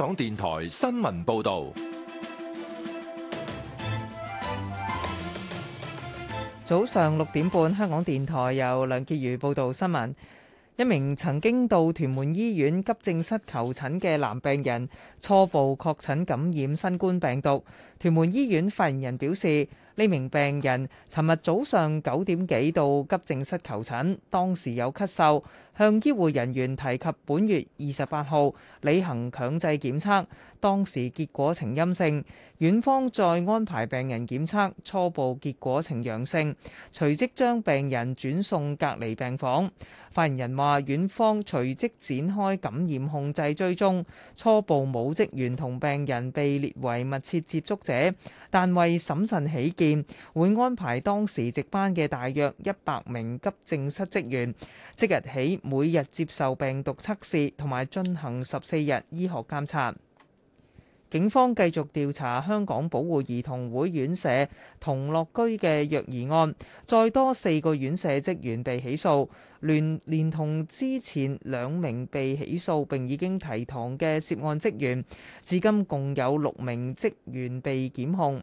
香港電台新聞報道，早上六點半，香港電台由梁潔如報道新聞。一名曾經到屯門醫院急症室求診嘅男病人，初步確診感染新冠病毒。屯門醫院發言人表示，呢名病人尋日早上九點幾到急症室求診，當時有咳嗽，向醫護人員提及本月二十八號履行強制檢測，當時結果呈陰性。院方再安排病人檢測，初步結果呈陽性，隨即將病人轉送隔離病房。發言人話：院方隨即展開感染控制追蹤，初步冇職員同病人被列為密切接觸者，但為審慎起，會安排當時值班嘅大約一百名急症室職員，即日起每日接受病毒測試，同埋進行十四日醫學監察。警方繼續調查香港保護兒童會院舍童樂居嘅虐兒案，再多四個院舍職員被起訴，聯連同之前兩名被起訴並已經提堂嘅涉案職員，至今共有六名職員被檢控。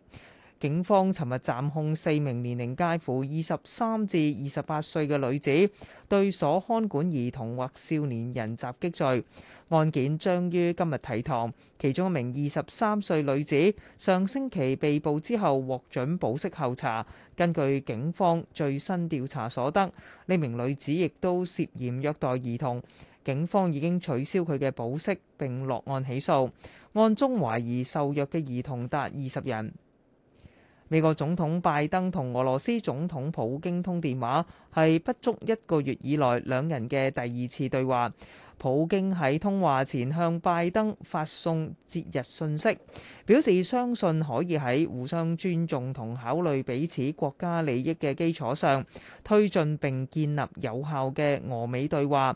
警方尋日暫控四名年齡介乎二十三至二十八歲嘅女子，對所看管兒童或少年人襲擊罪。案件將於今日提堂。其中一名二十三歲女子上星期被捕之後獲准保釋候查。根據警方最新調查所得，呢名女子亦都涉嫌虐待兒童。警方已經取消佢嘅保釋並落案起訴。案中懷疑受虐嘅兒童達二十人。美國總統拜登同俄羅斯總統普京通電話，係不足一個月以來兩人嘅第二次對話。普京喺通話前向拜登發送節日信息，表示相信可以喺互相尊重同考慮彼此國家利益嘅基礎上，推進並建立有效嘅俄美對話。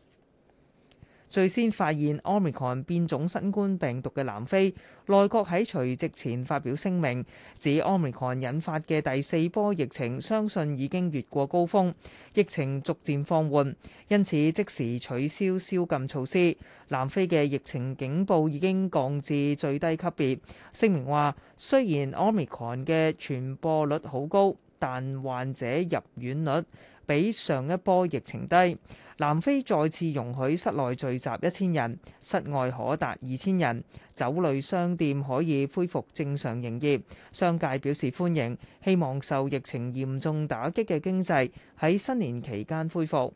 最先發現 Omicron 變種新冠病毒嘅南非內閣喺除夕前發表聲明，指 Omicron 引發嘅第四波疫情相信已經越過高峰，疫情逐漸放緩，因此即時取消宵禁措施。南非嘅疫情警報已經降至最低級別。聲明話，雖然 Omicron 嘅傳播率好高，但患者入院率比上一波疫情低。南非再次容許室內聚集一千人，室外可達二千人。酒類商店可以恢復正常營業，商界表示歡迎，希望受疫情嚴重打擊嘅經濟喺新年期間恢復。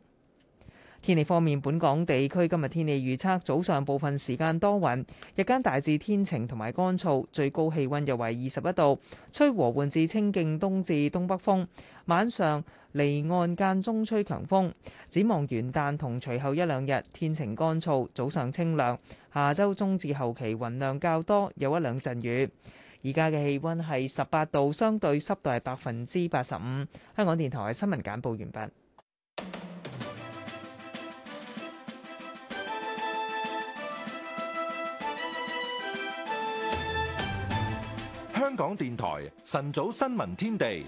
天氣方面，本港地區今日天氣預測：早上部分時間多雲，日間大致天晴同埋乾燥，最高氣溫約為二十一度，吹和緩至清勁東至東北風。晚上離岸間中吹強風。展望元旦同隨後一兩日，天晴乾燥，早上清涼，下周中至後期雲量較多，有一兩陣雨。而家嘅氣温係十八度，相對濕度係百分之八十五。香港電台新聞簡報完畢。香港電台晨早新聞天地，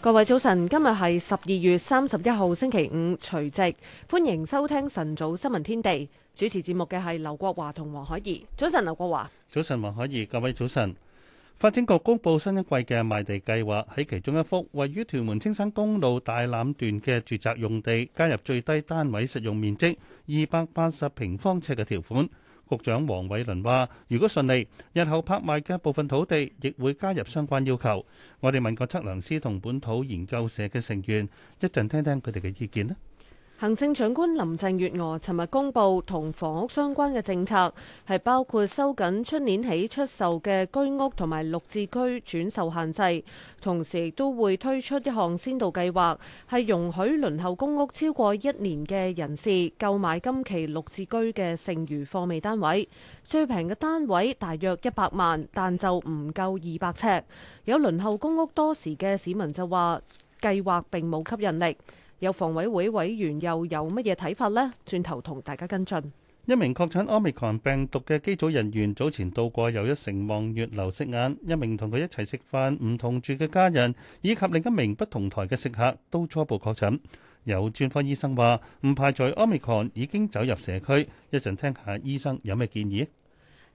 各位早晨，今日係十二月三十一號星期五除夕，歡迎收聽晨早新聞天地。主持節目嘅係劉國華同黃海怡。早晨，劉國華。早晨，黃海怡。各位早晨。發展局公布新一季嘅賣地計劃，喺其中一幅位於屯門青山公路大欖段嘅住宅用地，加入最低單位實用面積二百八十平方尺嘅條款。局長黃偉綸話，如果順利，日後拍賣嘅部分土地，亦會加入相關要求。我哋問過測量師同本土研究社嘅成員，一陣聽聽佢哋嘅意見啦。行政長官林鄭月娥尋日公布同房屋相關嘅政策，係包括收緊明年起出售嘅居屋同埋綠置居轉售限制，同時亦都會推出一項先導計劃，係容許輪候公屋超過一年嘅人士購買今期綠置居嘅剩餘貨尾單位，最平嘅單位大約一百萬，但就唔夠二百尺。有輪候公屋多時嘅市民就話，計劃並冇吸引力。有房委會委員又有乜嘢睇法呢？轉頭同大家跟進。一名確診奧密克戎病毒嘅機組人員早前到過又一城望月樓食晏，一名同佢一齊食飯唔同住嘅家人以及另一名不同台嘅食客都初步確診。有專科醫生話唔排除奧密克戎已經走入社區。一陣聽一下醫生有咩建議。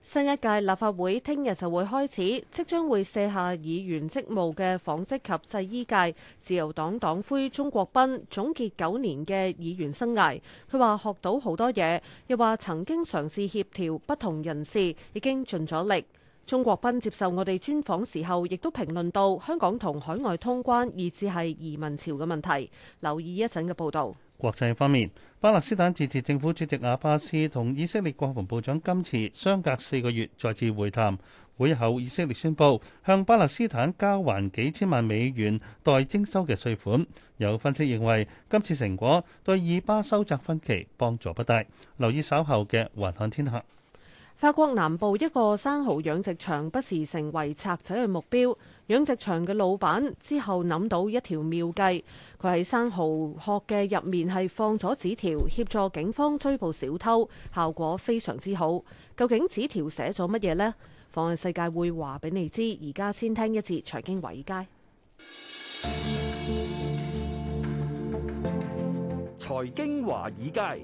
新一屆立法會聽日就會開始，即將會卸下議員職務嘅紡織及製衣界自由黨黨魁鍾國斌總結九年嘅議員生涯，佢話學到好多嘢，又話曾經嘗試協調不同人士，已經盡咗力。鍾國斌接受我哋專訪時候，亦都評論到香港同海外通關，以至係移民潮嘅問題。留意一陣嘅報道。國際方面，巴勒斯坦自治政府主席阿巴斯同以色列國防部長今次相隔四個月再次會談。會後，以色列宣布向巴勒斯坦交還幾千萬美元待徵收嘅稅款。有分析認為，今次成果對以巴收窄分歧幫助不大。留意稍後嘅環看天下。法國南部一個生蚝養殖場不時成為賊仔嘅目標。養殖場嘅老闆之後諗到一條妙計，佢喺生蠔殼嘅入面係放咗紙條協助警方追捕小偷，效果非常之好。究竟紙條寫咗乜嘢呢？《放眼世界》會話俾你知。而家先聽一節《財經華爾街》。財經華爾街，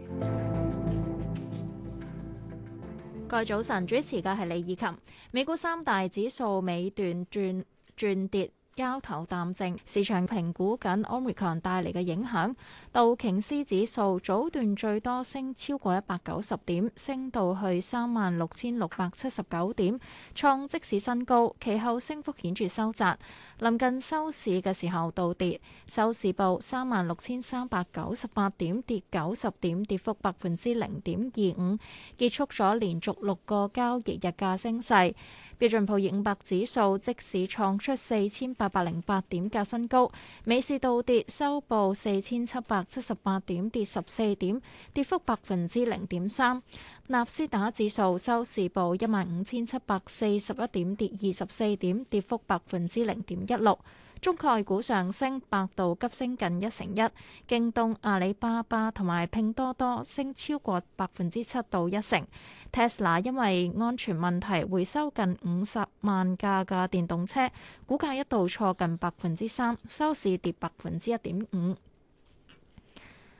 各位早晨，主持嘅係李以琴。美股三大指數尾段轉。轉跌，交投淡靜，市場評估緊 Omicron 帶嚟嘅影響。道瓊斯指數早段最多升超過一百九十點，升到去三萬六千六百七十九點，創即時新高。其後升幅顯著收窄，臨近收市嘅時候倒跌，收市報三萬六千三百九十八點，跌九十點，跌幅百分之零點二五，結束咗連續六個交易日嘅升勢。標準普爾五百指數即市創出四千八百零八點嘅新高，尾市倒跌收報四千七百七十八點，跌十四點，跌幅百分之零點三。納斯達指數收市報一萬五千七百四十一點，跌二十四點，跌幅百分之零點一六。中概股上升，百度急升近一成一，京東、阿里巴巴同埋拼多多升超過百分之七到一成。Tesla 因為安全問題回收近五十萬架嘅電動車，股價一度挫近百分之三，收市跌百分之一點五。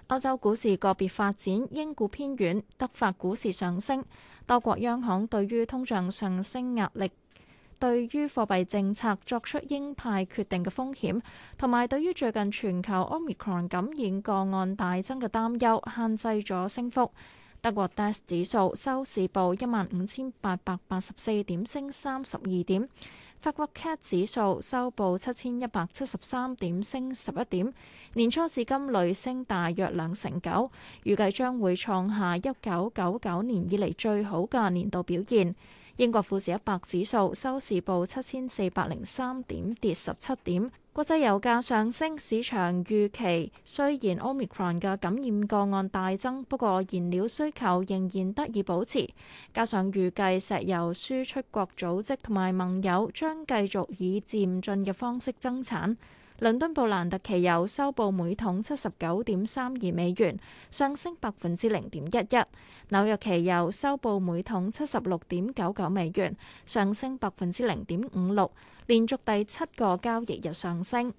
歐洲股市個別發展，英股偏軟，德法股市上升，多國央行對於通脹上升壓力，對於貨幣政策作出鷹派決定嘅風險，同埋對於最近全球 Omicron 感染個案大增嘅擔憂，限制咗升幅。德國 DAX 指數收市報一萬五千八百八十四點，升三十二點。法國 CAC 指數收報七千一百七十三點，升十一點。年初至今累升大約兩成九，預計將會創下一九九九年以嚟最好嘅年度表現。英國富時一百指數收市報七千四百零三點，跌十七點。國際油價上升，市場預期雖然 Omicron 嘅感染個案大增，不過燃料需求仍然得以保持。加上預計石油輸出國組織同埋盟友將繼續以漸進嘅方式增產。倫敦布蘭特期油收報每桶七十九點三二美元，上升百分之零點一一；紐約期油收報每桶七十六點九九美元，上升百分之零點五六，連續第七個交易日上升。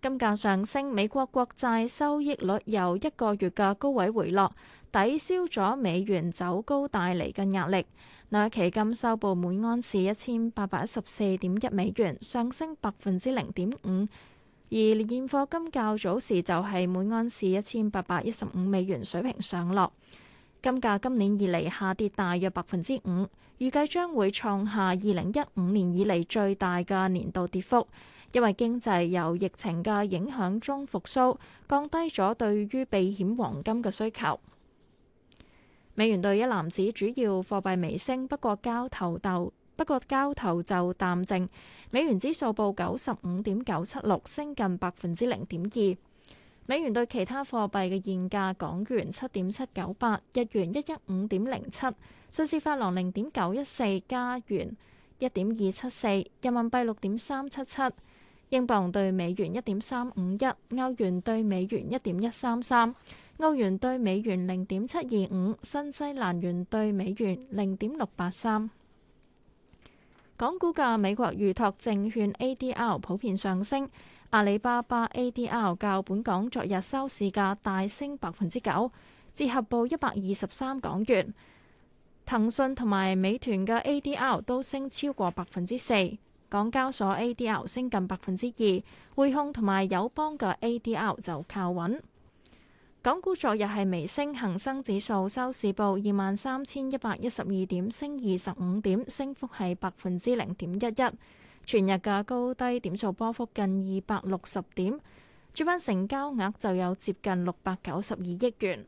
金價上升，美國國債收益率由一個月嘅高位回落，抵消咗美元走高帶嚟嘅壓力。那期金收報每安士一千八百一十四點一美元，上升百分之零點五，而現貨金較早時就係每安士一千八百一十五美元水平上落。金價今年以嚟下跌大約百分之五，預計將會創下二零一五年以嚟最大嘅年度跌幅，因為經濟由疫情嘅影響中復甦，降低咗對於避險黃金嘅需求。美元兌一籃子主要貨幣微升，不過交投就不過交投就淡靜。美元指數報九十五點九七六，升近百分之零點二。美元對其他貨幣嘅現價：港元七點七九八，日元一一五點零七，瑞士法郎零點九一四，加元一點二七四，人民幣六點三七七，英鎊對美元一點三五一，歐元對美元一點一三三。歐元兌美元零點七二五，新西蘭元兌美元零點六八三。港股價美國預託證券 A D L 普遍上升，阿里巴巴 A D L 較本港昨日收市價大升百分之九，折合報一百二十三港元。騰訊同埋美團嘅 A D L 都升超過百分之四，港交所 A D L 升近百分之二，匯控同埋友邦嘅 A D L 就靠穩。港股昨日係微升，恒生指數收市報二萬三千一百一十二點，升二十五點，升幅係百分之零點一一。全日嘅高低點數波幅近二百六十點，主板成交額就有接近六百九十二億元。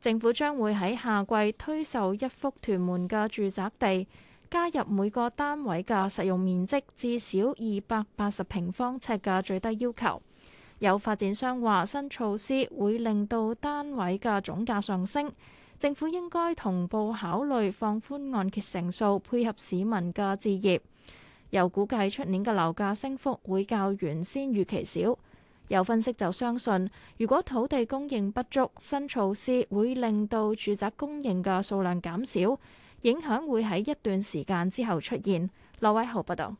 政府將會喺夏季推售一幅屯門嘅住宅地，加入每個單位嘅實用面積至少二百八十平方呎嘅最低要求。有發展商話：新措施會令到單位嘅總價上升，政府應該同步考慮放寬按揭成數，配合市民嘅置業。有估計出年嘅樓價升幅會較原先預期少。有分析就相信，如果土地供應不足，新措施會令到住宅供應嘅數量減少，影響會喺一段時間之後出現。劉偉豪報道。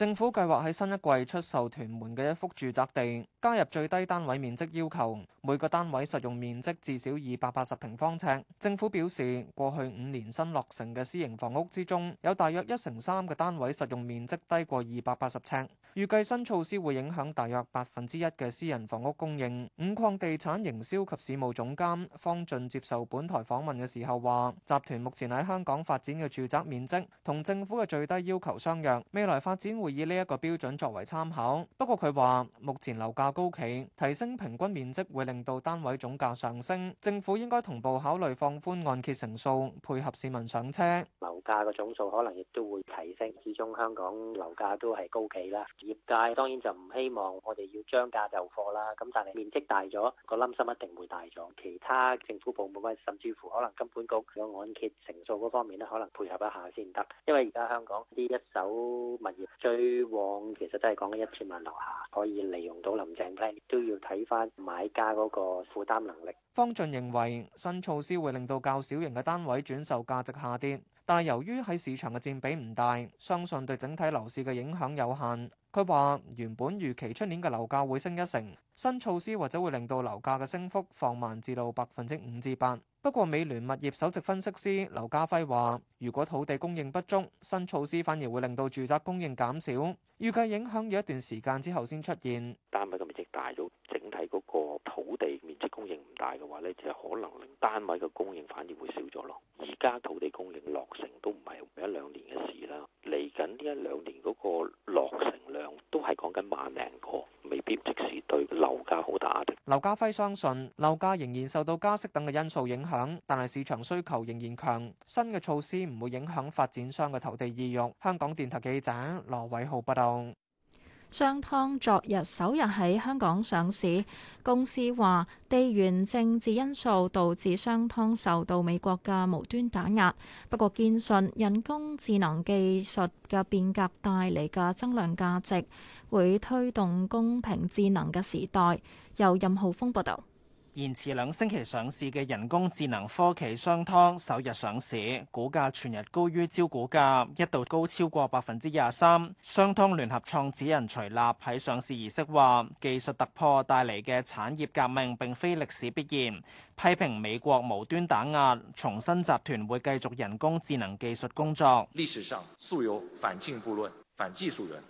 政府計劃喺新一季出售屯門嘅一幅住宅地，加入最低單位面積要求，每個單位實用面積至少二百八十平方尺。政府表示，過去五年新落成嘅私營房屋之中，有大約一成三個單位實用面積低過二百八十尺。預計新措施會影響大約百分之一嘅私人房屋供應。五礦地產營銷及事務總監方俊接受本台訪問嘅時候話：集團目前喺香港發展嘅住宅面積同政府嘅最低要求相若，未來發展會以呢一個標準作為參考。不過佢話，目前樓價高企，提升平均面積會令到單位總價上升。政府應該同步考慮放寬按揭成數，配合市民上車。樓價嘅總數可能亦都會提升，始終香港樓價都係高企啦。業界當然就唔希望我哋要將價就貨啦。咁但係面積大咗，個冧心一定會大咗。其他政府部門甚至乎可能金管局嘅按揭成數嗰方面咧，可能配合一下先得。因為而家香港呢一手物業最旺，其實都係講緊一千萬樓下可以利用到林鄭 plan，都要睇翻買家嗰個負擔能力。方俊認為新措施會令到較小型嘅單位轉售價值下跌，但係由於喺市場嘅佔比唔大，相信對整體樓市嘅影響有限。佢話：原本預期出年嘅樓價會升一成，新措施或者會令到樓價嘅升幅放慢至到百分之五至八。不過，美聯物業首席分析師劉家輝話：如果土地供應不足，新措施反而會令到住宅供應減少，預計影響要一段時間之後先出現。單位嘅面積大咗，整體嗰個土地面積供應唔大嘅話呢，即係可能令單位嘅供應反而會少咗咯。而家土地供應落成都唔係一兩年嘅事啦。嚟緊呢一兩年嗰個落成量都係講緊萬零個，未必即時對樓價好大壓力。劉家輝相信樓價仍然受到加息等嘅因素影響，但係市場需求仍然強。新嘅措施唔會影響發展商嘅投地意欲。香港電台記者羅偉浩報道。商湯昨日首日喺香港上市，公司話地緣政治因素導致商湯受到美國嘅無端打壓，不過堅信人工智能技術嘅變革帶嚟嘅增量價值會推動公平智能嘅時代。由任浩峰報道。延遲兩星期上市嘅人工智能科技商湯首日上市，股價全日高於招股價，一度高超過百分之廿三。商湯聯合創始人徐立喺上市儀式話，技術突破帶嚟嘅產業革命並非歷史必然，批評美國無端打壓，重新集團會繼續人工智能技術工作。歷史上素有反進步論、反技術論。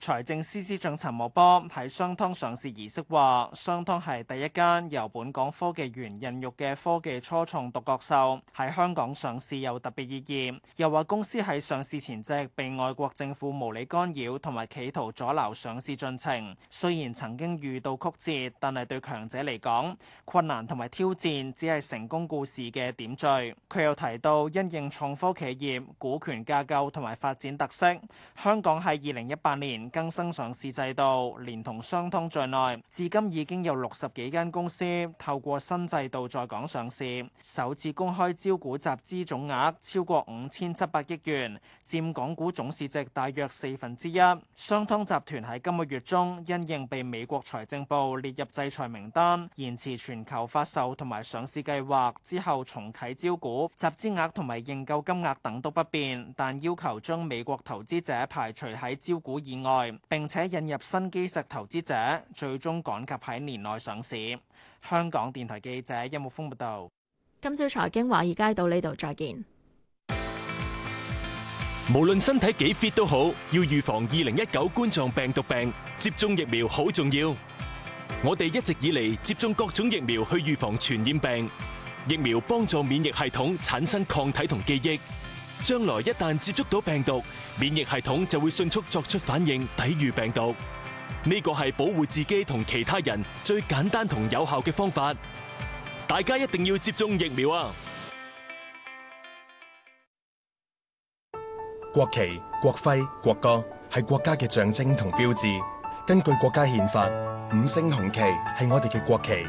財政司司長陳茂波喺商湯上市儀式話，商湯係第一間由本港科技園孕育嘅科技初創獨角獸喺香港上市，有特別意義。又話公司喺上市前夕被外國政府無理干擾同埋企圖阻撓上市進程，雖然曾經遇到曲折，但係對強者嚟講，困難同埋挑戰只係成功故事嘅點綴。佢又提到，因應創科企業股權架構同埋發展特色，香港喺二零一八年。更新上市制度，連同商湯在內，至今已經有六十幾間公司透過新制度在港上市。首次公開招股集資總額超過五千七百億元，佔港股總市值大約四分之一。商湯集團喺今個月中因應被美國財政部列入制裁名單，延遲全球發售同埋上市計劃，之後重啟招股，集資額同埋認購金額等都不變，但要求將美國投資者排除喺招股以外。並且引入新基石投資者，最終趕及喺年內上市。香港電台記者殷木鋒報道。今朝財經華爾街到呢度再見。無論身體幾 fit 都好，要預防二零一九冠狀病毒病，接種疫苗好重要。我哋一直以嚟接種各種疫苗去預防傳染病，疫苗幫助免疫系統產生抗體同記憶。將來一旦接觸到病毒，免疫系統就會迅速作出反應，抵禦病毒。呢個係保護自己同其他人最簡單同有效嘅方法。大家一定要接種疫苗啊！國旗、國徽、國歌係國家嘅象徵同標誌。根據國家憲法，五星紅旗係我哋嘅國旗。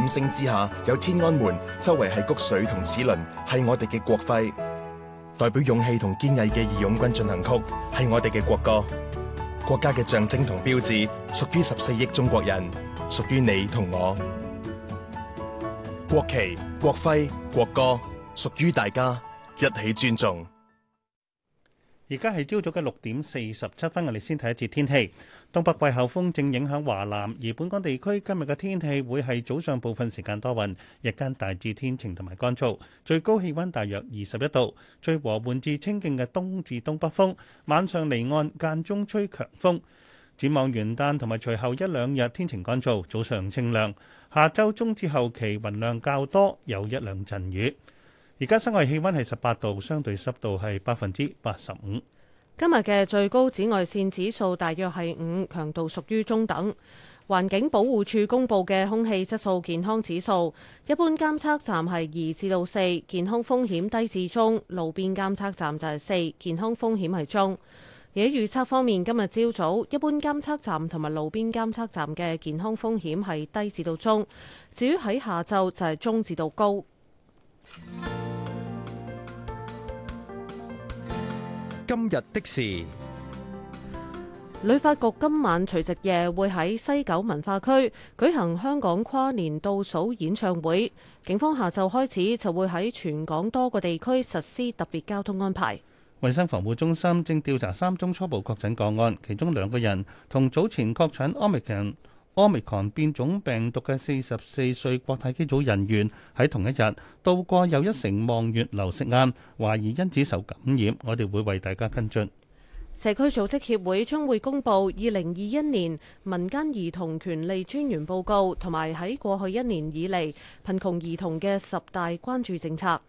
五星之下有天安門，周圍係穀穗同齒輪，係我哋嘅國徽。代表勇氣同堅毅嘅義勇軍進行曲係我哋嘅國歌。國家嘅象徵同標誌，屬於十四億中國人，屬於你同我。國旗、國徽、國歌，屬於大家，一起尊重。而家係朝早嘅六點四十七分，我哋先睇一節天氣。東北季候風正影響華南，而本港地區今日嘅天氣會係早上部分時間多雲，日間大致天晴同埋乾燥，最高氣溫大約二十一度。吹和緩至清勁嘅東至東北風，晚上離岸間中吹強風。展望元旦同埋隨後一兩日天晴乾燥，早上清涼，下周中至後期雲量較多，有一兩陣雨。而家室外氣溫係十八度，相對濕度係百分之八十五。今日嘅最高紫外線指數大約係五，強度屬於中等。環境保護署公布嘅空氣質素健康指數，一般監測站係二至到四，健康風險低至中；路邊監測站就係四，健康風險係中。而喺預測方面，今日朝早一般監測站同埋路邊監測站嘅健康風險係低至到中，至於喺下晝就係中至到高。今日的事，旅發局今晚除夕夜會喺西九文化區舉行香港跨年倒數演唱會。警方下晝開始就會喺全港多個地區實施特別交通安排。衛生防護中心正調查三宗初步確診個案，其中兩個人同早前確診 Omicron 奧密克戎變種病毒嘅四十四歲國泰機組人員喺同一日到過又一城望月樓食晏，懷疑因此受感染，我哋會為大家跟進。社區組織協會將會公布二零二一年民間兒童權利專員報告，同埋喺過去一年以嚟貧窮兒童嘅十大關注政策。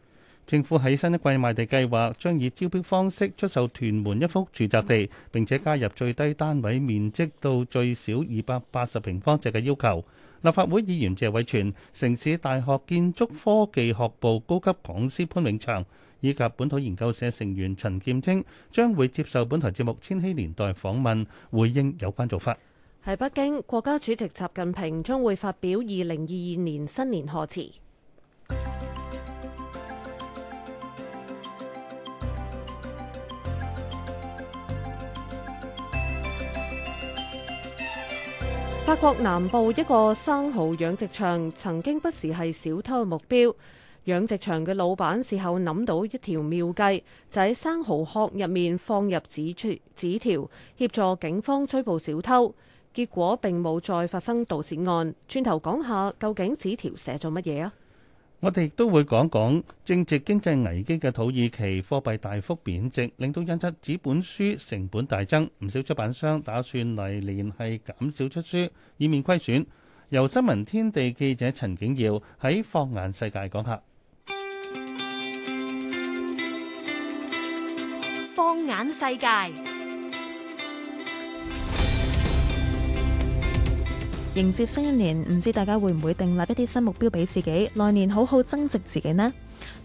政府喺新一季賣地計劃將以招標方式出售屯門一幅住宅地，並且加入最低單位面積到最少二百八十平方尺嘅要求。立法會議員謝偉銓、城市大學建築科技學部高級講師潘永祥以及本土研究社成員陳劍青將會接受本台節目《千禧年代》訪問，回應有關做法。喺北京，國家主席習近平將會發表二零二二年新年賀詞。法國南部一個生蠔養殖場曾經不時係小偷嘅目標，養殖場嘅老闆事後諗到一條妙計，就喺生蠔殼入面放入紙紙條，協助警方追捕小偷。結果並冇再發生盜竊案。轉頭講下，究竟紙條寫咗乜嘢啊？我哋亦都會講講正值經濟危機嘅土耳其貨幣大幅貶值，令到印刷紙本書成本大增，唔少出版商打算嚟年係減少出書，以免虧損。由新聞天地記者陳景耀喺《放眼世界》講下《放眼世界》。迎接新一年，唔知大家會唔會訂立一啲新目標俾自己，來年好好增值自己呢？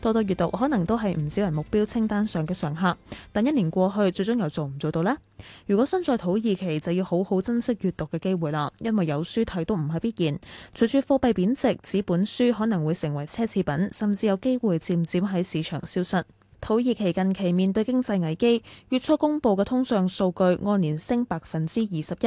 多多閲讀，可能都係唔少人目標清單上嘅常客，但一年過去，最終又做唔做到呢？如果身在土耳其，就要好好珍惜閲讀嘅機會啦，因為有書睇都唔係必然。隨住貨幣貶值，紙本書可能會成為奢侈品，甚至有機會漸漸喺市場消失。土耳其近期面對經濟危機，月初公布嘅通脹數據按年升百分之二十一，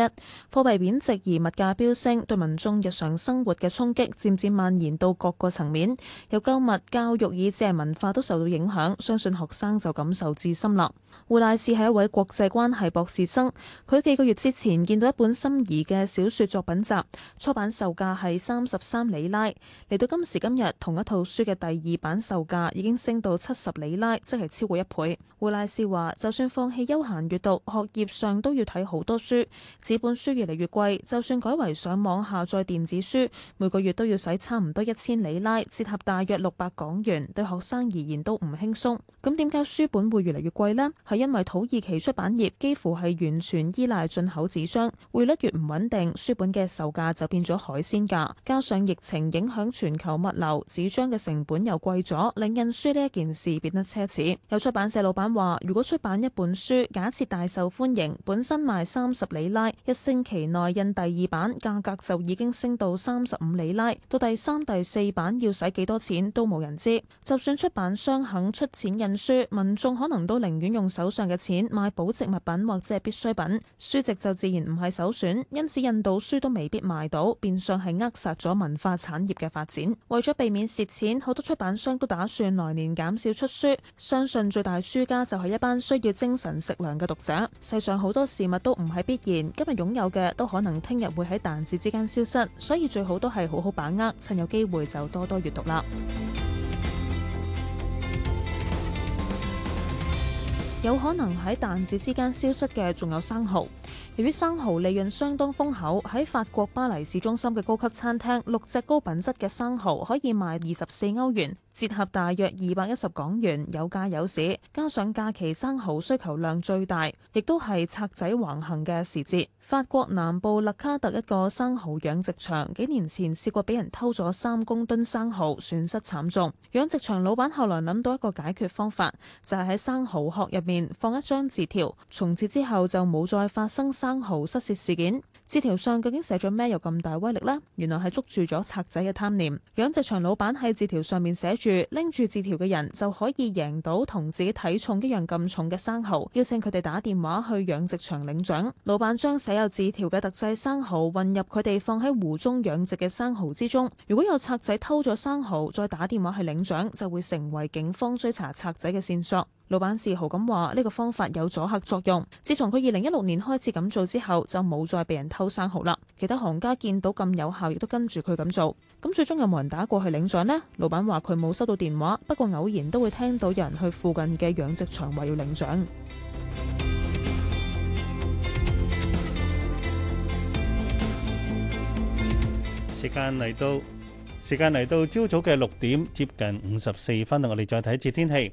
貨幣貶值而物價飆升，對民眾日常生活嘅衝擊漸漸蔓延到各個層面，由購物、教育以至係文化都受到影響，相信學生就感受至深啦。胡賴士係一位國際關係博士生，佢幾個月之前見到一本心儀嘅小說作品集，初版售價係三十三里拉，嚟到今時今日同一套書嘅第二版售價已經升到七十里拉。即係超過一倍。胡拉斯話：就算放棄休閒閲讀，學業上都要睇好多書。紙本書越嚟越貴，就算改為上網下載電子書，每個月都要使差唔多一千里拉，折合大約六百港元，對學生而言都唔輕鬆。咁點解書本會越嚟越貴呢？係因為土耳其出版業幾乎係完全依賴進口紙張，匯率越唔穩定，書本嘅售價就變咗海鮮價。加上疫情影響全球物流，紙張嘅成本又貴咗，令印書呢一件事變得奢侈。有出版社老闆話，如果出版一本書，假設大受歡迎，本身賣三十里拉，一星期內印第二版，價格就已經升到三十五里拉。到第三、第四版要使幾多錢都冇人知。就算出版商肯出錢印書，民眾可能都寧願用手上嘅錢買保值物品或者係必需品，書籍就自然唔係首選。因此，印到書都未必賣到，變相係扼殺咗文化產業嘅發展。為咗避免蝕錢，好多出版商都打算來年減少出書。相信最大輸家就係一班需要精神食糧嘅讀者。世上好多事物都唔係必然，今日擁有嘅都可能聽日會喺彈指之間消失，所以最好都係好好把握，趁有機會就多多閱讀啦。有可能喺彈指之間消失嘅仲有生蠔，由於生蠔利潤相當豐厚，喺法國巴黎市中心嘅高級餐廳，六隻高品質嘅生蠔可以賣二十四歐元，折合大約二百一十港元，有價有市。加上假期生蠔需求量最大，亦都係賊仔橫行嘅時節。法國南部勒卡特一個生蠔養殖場，幾年前試過俾人偷咗三公噸生蠔，損失慘重。養殖場老闆後來諗到一個解決方法，就係喺生蠔殼入面放一張字條，從此之後就冇再發生生蠔失竊事件。字條上究竟寫咗咩有咁大威力呢？原來係捉住咗賊仔嘅貪念。養殖場老闆喺字條上面寫住，拎住字條嘅人就可以贏到同自己體重一樣咁重嘅生蠔，邀請佢哋打電話去養殖場領獎。老闆將寫有字條嘅特製生蠔混入佢哋放喺湖中養殖嘅生蠔之中。如果有賊仔偷咗生蠔，再打電話去領獎，就會成為警方追查賊仔嘅線索。老闆自豪咁話：呢個方法有阻嚇作用。自從佢二零一六年開始咁做之後，就冇再被人偷生蠔啦。其他行家見到咁有效，亦都跟住佢咁做。咁最終有冇人打過去領獎呢？老闆話佢冇收到電話，不過偶然都會聽到有人去附近嘅養殖場話要領獎。時間嚟到，時間嚟到，朝早嘅六點接近五十四分啦。我哋再睇一次天氣。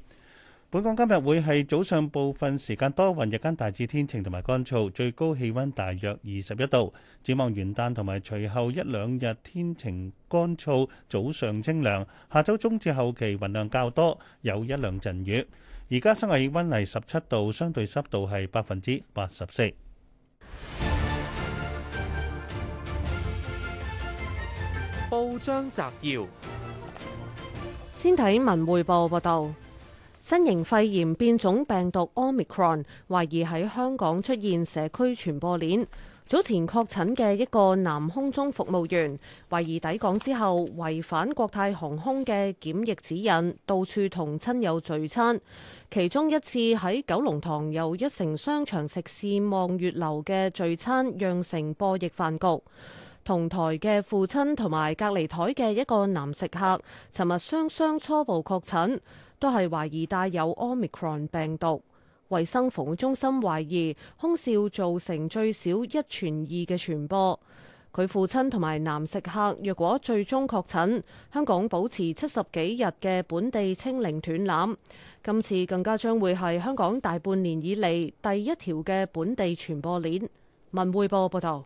本港今日會係早上部分時間多雲，日間大致天晴同埋乾燥，最高氣温大約二十一度。展望元旦同埋隨後一兩日天晴乾燥，早上清涼。下晝中至後期雲量較多，有一兩陣雨。而家室外氣温係十七度，相對濕度係百分之八十四。報章摘要：先睇文匯報報道，新型肺炎變種病毒 omicron 懷疑喺香港出現社區傳播鏈。早前確診嘅一個南空中服務員，懷疑抵港之後違反國泰航空嘅檢疫指引，到處同親友聚餐，其中一次喺九龍塘又一城商場食肆望月樓嘅聚餐，釀成播疫飯局。同台嘅父親同埋隔離枱嘅一個男食客，尋日雙雙雙初步確診，都係懷疑帶有 Omicron 病毒。衞生防護中心懷疑空少造成最少一傳二嘅傳播。佢父親同埋男食客若果最終確診，香港保持七十幾日嘅本地清零斷纜，今次更加將會係香港大半年以嚟第一條嘅本地傳播鏈。文匯報報道。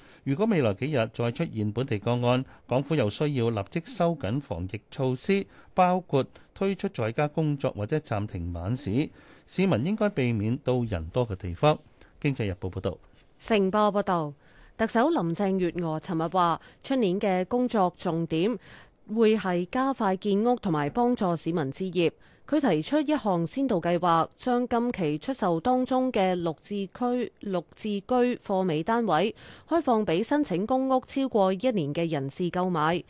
如果未來幾日再出現本地個案，港府又需要立即收緊防疫措施，包括推出在家工作或者暫停晚市，市民應該避免到人多嘅地方。經濟日報報道。成報報道，特首林鄭月娥尋日話，出年嘅工作重點會係加快建屋同埋幫助市民置業。佢提出一項先導計劃，將今期出售當中嘅綠置區綠置居貨尾單位開放俾申請公屋超過一年嘅人士購買。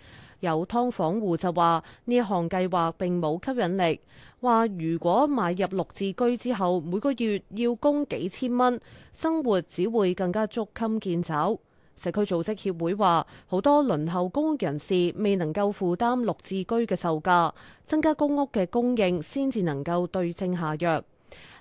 有劏房戶就話呢項計劃並冇吸引力，話如果買入綠置居之後每個月要供幾千蚊，生活只會更加捉襟見肘。社區組織協會話，好多輪候公屋人士未能夠負擔綠置居嘅售價，增加公屋嘅供應先至能夠對症下藥。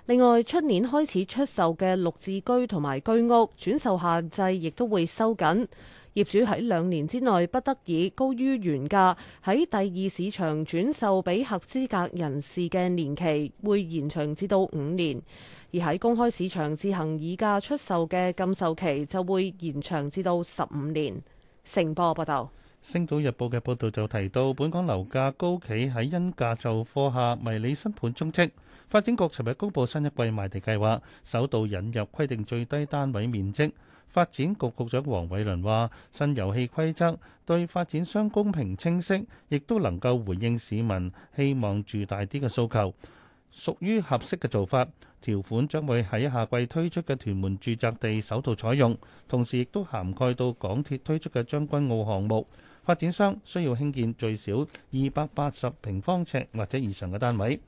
另外，出年開始出售嘅綠置居同埋居屋轉售限制亦都會收緊，業主喺兩年之內不得以高於原價喺第二市場轉售俾合資格人士嘅年期會延長至到五年。而喺公開市場自行以價出售嘅禁售期就會延長至到十五年。成波報道，《星島日報》嘅報道就提到，本港樓價高企喺因價就貨下，迷你新盤衝擊，發展局尋日公布新一季賣地計劃，首度引入規定最低單位面積。發展局局長黃偉綸話：新遊戲規則對發展商公平清晰，亦都能夠回應市民希望住大啲嘅訴求，屬於合適嘅做法。條款將會喺下季推出嘅屯門住宅地首度採用，同時亦都涵蓋到港鐵推出嘅將軍澳項目。發展商需要興建最少二百八十平方尺或者以上嘅單位。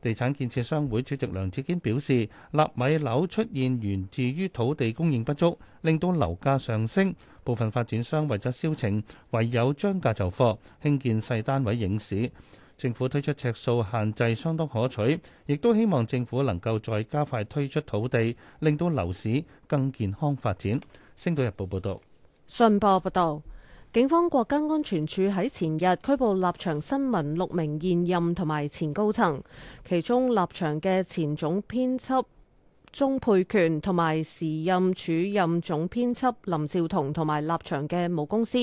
地產建設商會主席梁志堅表示，納米樓出現源自於土地供應不足，令到樓價上升。部分發展商為咗銷情，唯有將價就貨，興建細單位影市。政府推出尺數限制相當可取，亦都希望政府能夠再加快推出土地，令到樓市更健康發展。星島日報報道，信報報道，警方國家安，安全處喺前日拘捕立場新聞六名現任同埋前高層，其中立場嘅前總編輯。鍾沛權同埋時任主任總編輯林紹桐同埋立場嘅母公司，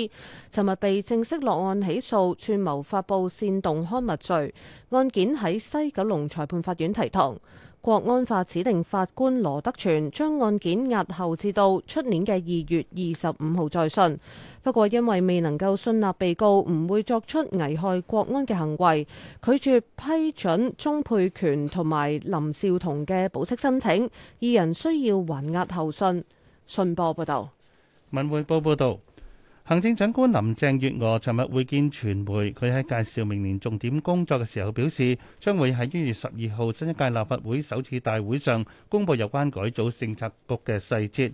尋日被正式落案起訴，串謀發佈煽動刊物罪。案件喺西九龍裁判法院提堂，國安法指定法官羅德全將案件押後至到出年嘅二月二十五號再訊。不過，因為未能夠信納被告唔會作出危害國安嘅行為，拒絕批准鍾沛權同埋林紹桐嘅保釋申請，二人需要還押候訊。信報報道。文匯報報道，行政長官林鄭月娥尋日會見傳媒，佢喺介紹明年重點工作嘅時候表示，將會喺一月十二號新一屆立法會首次大會上公佈有關改組政策局嘅細節。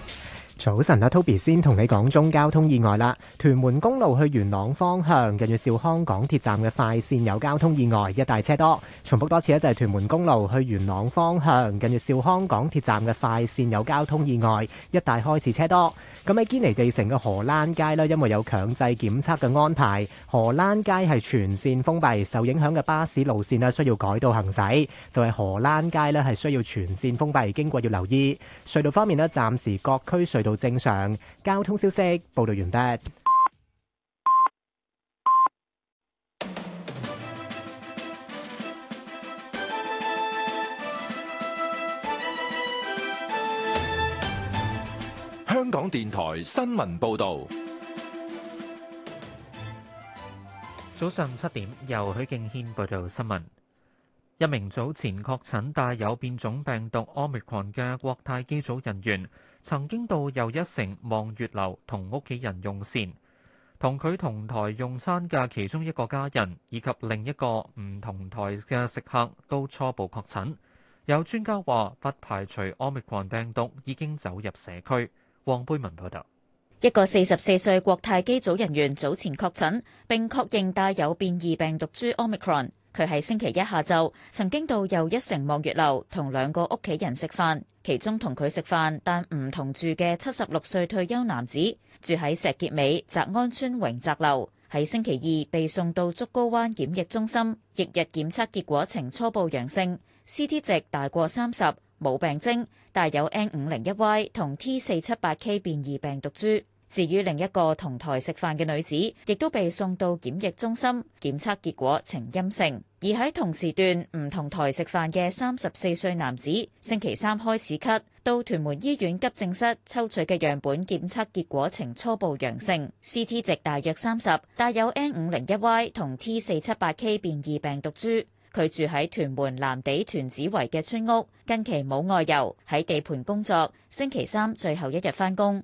早晨啊，Toby 先同你講中交通意外啦。屯門公路去元朗方向，近住兆康港鐵站嘅快線有交通意外，一帶車多。重複多次咧，就係屯門公路去元朗方向，近住兆康港鐵站嘅快線有交通意外，一帶開始車多。咁喺堅尼地城嘅荷蘭街咧，因為有強制檢測嘅安排，荷蘭街係全線封閉，受影響嘅巴士路線咧需要改道行駛，就係荷蘭街咧係需要全線封閉，經過要留意。隧道方面咧，暫時各區隧道。正常交通消息報道完畢。香港電台新聞報道。早上七點，由許敬軒報道新聞。一名早前確診帶有變種病毒 Omicron 嘅國泰機組人員。曾經到又一城望月樓同屋企人用膳，同佢同台用餐嘅其中一個家人以及另一個唔同台嘅食客都初步確診。有專家話，不排除 Omicron 病毒已經走入社區。黃貝文報道，一個四十四歲國泰機組人員早前確診並確認帶有變異病毒株 Omicron。佢喺星期一下晝曾經到又一城望月樓同兩個屋企人食飯。其中同佢食飯但唔同住嘅七十六歲退休男子住喺石硖尾澤安村榮澤樓，喺星期二被送到竹篙灣檢疫中心，翌日檢測結果呈初步陽性，C T 值大過三十，冇病徵，帶有 N 五零一 Y 同 T 四七八 K 變異病毒株。至於另一個同台食飯嘅女子，亦都被送到檢疫中心，檢測結果呈陰性。而喺同時段唔同台食飯嘅三十四歲男子，星期三開始咳，到屯門醫院急症室抽取嘅樣本檢測結果呈初步陽性，CT 值大約三十，帶有 N 五零一 Y 同 T 四七八 K 變異病毒株。佢住喺屯門藍地屯子圍嘅村屋，近期冇外遊，喺地盤工作，星期三最後一日返工。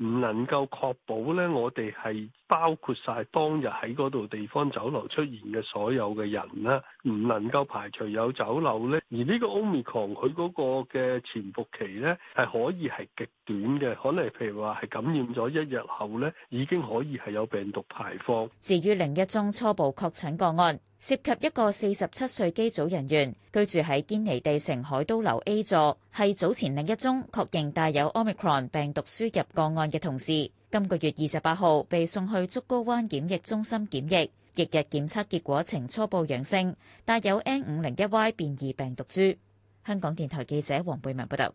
唔能夠確保咧，我哋係包括晒當日喺嗰度地方酒樓出現嘅所有嘅人啦，唔能夠排除有酒樓咧。而呢個 Omicron 佢嗰個嘅潛伏期咧，係可以係極短嘅，可能係譬如話係感染咗一日後咧，已經可以係有病毒排放。至於另一宗初步確診個案。涉及一個四十七歲機組人員居住喺堅尼地城海都樓 A 座，係早前另一宗確認帶有 omicron 病毒輸入個案嘅同事。今個月二十八號被送去竹篙灣檢疫中心檢疫，翌日檢測結果呈初步陽性，帶有 N 五零一 Y 變異病毒株。香港電台記者黃貝文報道。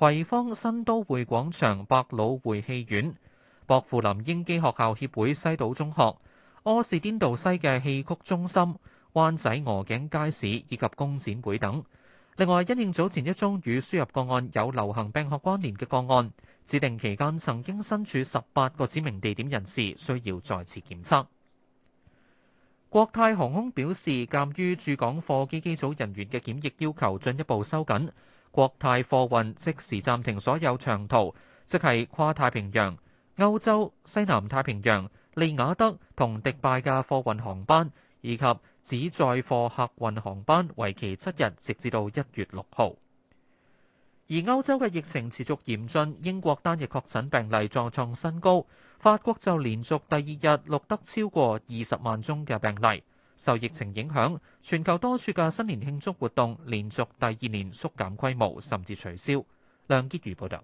葵芳新都會廣場百老匯戲院、薄扶林英基學校協會西島中學、柯士甸道西嘅戲曲中心、灣仔鵝頸街市以及公展會等。另外，因應早前一宗與輸入個案有流行病學關聯嘅個案，指定期間曾經身處十八個指明地點人士需要再次檢測。國泰航空表示，鑑於駐港貨機機組人員嘅檢疫要求進一步收緊。國泰貨運即時暫停所有長途，即係跨太平洋、歐洲、西南太平洋、利雅德同迪拜嘅貨運航班，以及只載貨客運航班，為期七日，直至到一月六號。而歐洲嘅疫情持續嚴峻，英國單日確診病例再創新高，法國就連續第二日錄得超過二十萬宗嘅病例。受疫情影響，全球多處嘅新年慶祝活動連續第二年縮減規模，甚至取消。梁潔如報導：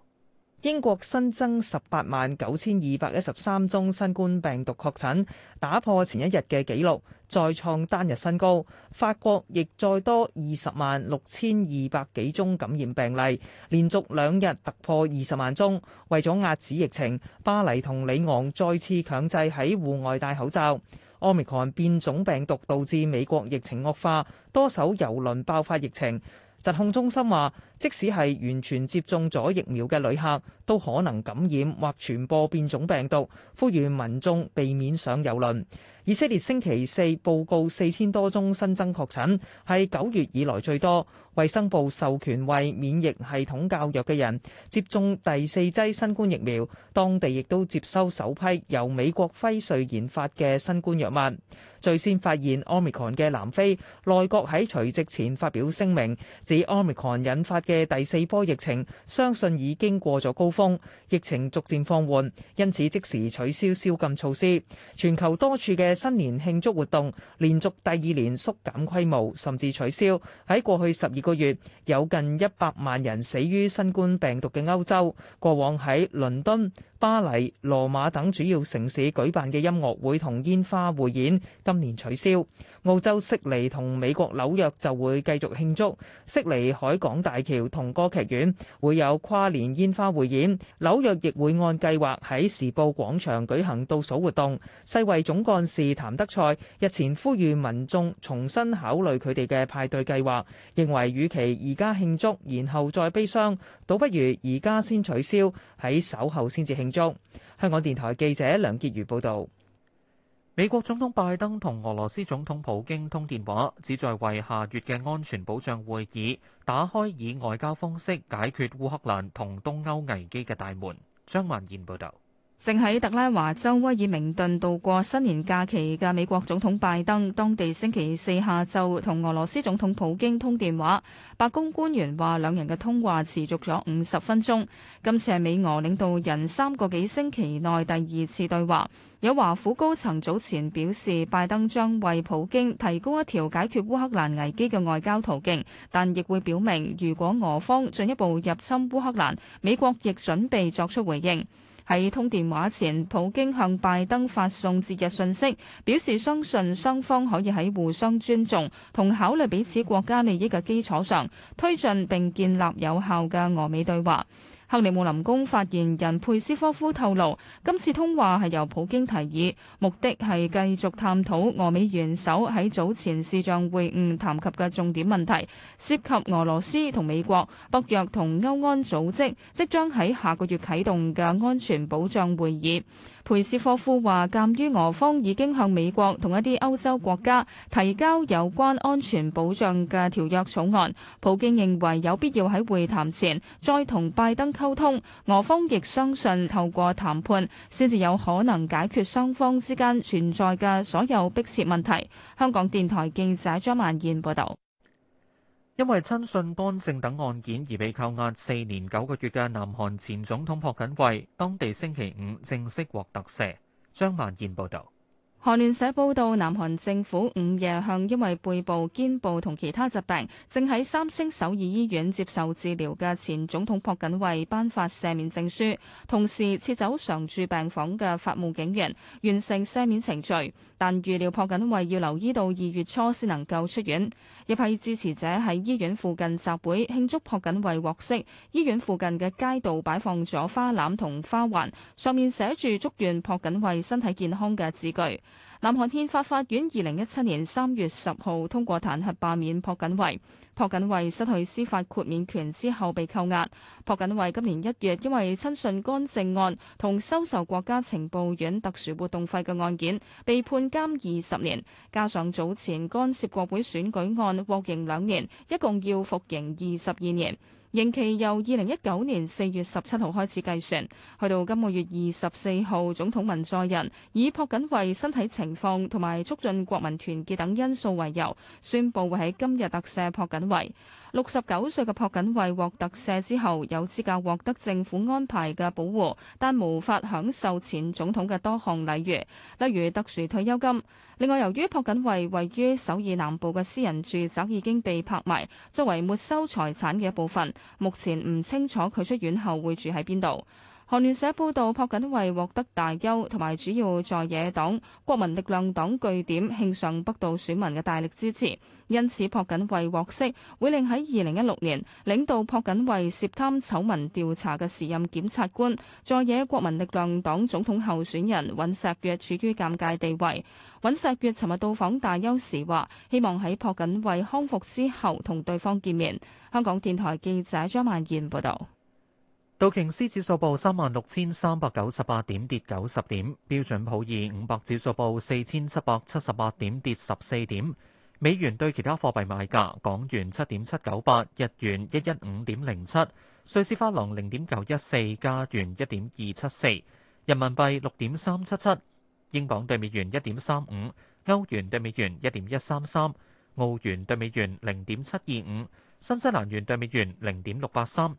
英國新增十八萬九千二百一十三宗新冠病毒確診，打破前一日嘅紀錄，再創單日新高。法國亦再多二十萬六千二百幾宗感染病例，連續兩日突破二十萬宗。為咗壓止疫情，巴黎同里昂再次強制喺戶外戴口罩。Omicron 變種病毒導致美國疫情惡化，多艘郵輪爆發疫情。疾控中心話，即使係完全接種咗疫苗嘅旅客，都可能感染或傳播變種病毒，呼籲民眾避免上郵輪。以色列星期四報告四千多宗新增確診，係九月以來最多。衛生部授權為免疫系統較弱嘅人接種第四劑新冠疫苗。當地亦都接收首批由美國輝瑞研發嘅新冠藥物。最先發現 Omicron 嘅南非內閣喺除夕前發表聲明，指 Omicron 引發嘅第四波疫情相信已經過咗高峰，疫情逐漸放緩，因此即時取消宵禁措施。全球多處嘅新年慶祝活動連續第二年縮減規模，甚至取消。喺過去十二個月，有近一百萬人死於新冠病毒嘅歐洲。過往喺倫敦、巴黎、羅馬等主要城市舉辦嘅音樂會同煙花匯演今年取消。澳洲悉尼同美國紐約就會繼續慶祝。悉尼海港大橋同歌劇院會有跨年煙花匯演。紐約亦會按計劃喺時報廣場舉行倒數活動。世衛總幹事譚德塞日前呼籲民眾重新考慮佢哋嘅派對計劃，認為與其而家慶祝，然後再悲傷，倒不如而家先取消，喺稍後先至慶。中香港電台記者梁潔如報道，美國總統拜登同俄羅斯總統普京通電話，旨在為下月嘅安全保障會議打開以外交方式解決烏克蘭同東歐危機嘅大門。張曼燕報道。正喺特拉華州威爾明頓度過新年假期嘅美國總統拜登，當地星期四下晝同俄羅斯總統普京通電話。白宮官員話，兩人嘅通話持續咗五十分鐘。今次係美俄領導人三個幾星期內第二次對話。有華府高層早前表示，拜登將為普京提供一條解決烏克蘭危機嘅外交途徑，但亦會表明，如果俄方進一步入侵烏克蘭，美國亦準備作出回應。喺通電話前，普京向拜登發送節日信息，表示相信雙方可以喺互相尊重同考慮彼此國家利益嘅基礎上，推進並建立有效嘅俄美對話。克里姆林宮發言人佩斯科夫透露，今次通話係由普京提議，目的係繼續探討俄美元首喺早前視像會晤談及嘅重點問題，涉及俄羅斯同美國、北約同歐安組織即將喺下個月啟動嘅安全保障會議。佩斯科夫話，鑒於俄方已經向美國同一啲歐洲國家提交有關安全保障嘅條約草案，普京認為有必要喺會談前再同拜登溝通。俄方亦相信透過談判先至有可能解決雙方之間存在嘅所有迫切問題，香港電台記者張曼燕報道。因為親信幹政等案件而被扣押四年九個月嘅南韓前總統朴槿惠，當地星期五正式獲特赦。張萬燕報道。韓聯社報道，南韓政府午夜向因為背部、肩部同其他疾病，正喺三星首爾醫院接受治療嘅前總統朴槿惠頒發赦免證書，同時撤走常駐病房嘅法務警員，完成赦免程序。但預料朴槿惠要留醫到二月初先能夠出院。一批支持者喺醫院附近集會慶祝朴槿惠獲釋，醫院附近嘅街道擺放咗花籃同花環，上面寫住祝願朴槿惠身體健康嘅字句。南韓憲法法院二零一七年三月十號通過彈劾罷免朴槿惠，朴槿惠失去司法豁免權之後被扣押。朴槿惠今年一月因為親信干政案同收受國家情報院特殊活動費嘅案件被判監二十年，加上早前干涉國會選舉案獲刑兩年，一共要服刑二十二年。刑期由二零一九年四月十七號開始計算，去到今個月二十四號，總統文在寅以朴槿惠身體情況同埋促進國民團結等因素為由，宣布會喺今日特赦朴槿惠。六十九歲嘅朴槿惠獲特赦之後，有資格獲得政府安排嘅保護，但無法享受前總統嘅多項禮遇，例如特殊退休金。另外，由於朴槿惠位於首爾南部嘅私人住宅已經被拍賣，作為沒收財產嘅一部分，目前唔清楚佢出院後會住喺邊度。韓聯社報導，朴槿惠獲得大邱同埋主要在野黨國民力量黨據點慶尚北道選民嘅大力支持，因此朴槿惠獲釋會令喺二零一六年領導朴槿惠涉貪醜聞調查嘅時任檢察官在野國民力量黨總統候選人尹錫悅處於尷尬地位。尹錫悅尋日到訪大邱時話：希望喺朴槿惠康復之後同對方見面。香港電台記者張曼燕報道。道瓊斯指數報三萬六千三百九十八點，跌九十點。標準普爾五百指數報四千七百七十八點，跌十四點。美元對其他貨幣賣價：港元七點七九八，日元一一五點零七，瑞士法郎零點九一四，加元一點二七四，人民幣六點三七七，英鎊對美元一點三五，歐元對美元一點一三三，澳元對美元零點七二五，新西蘭元對美元零點六八三。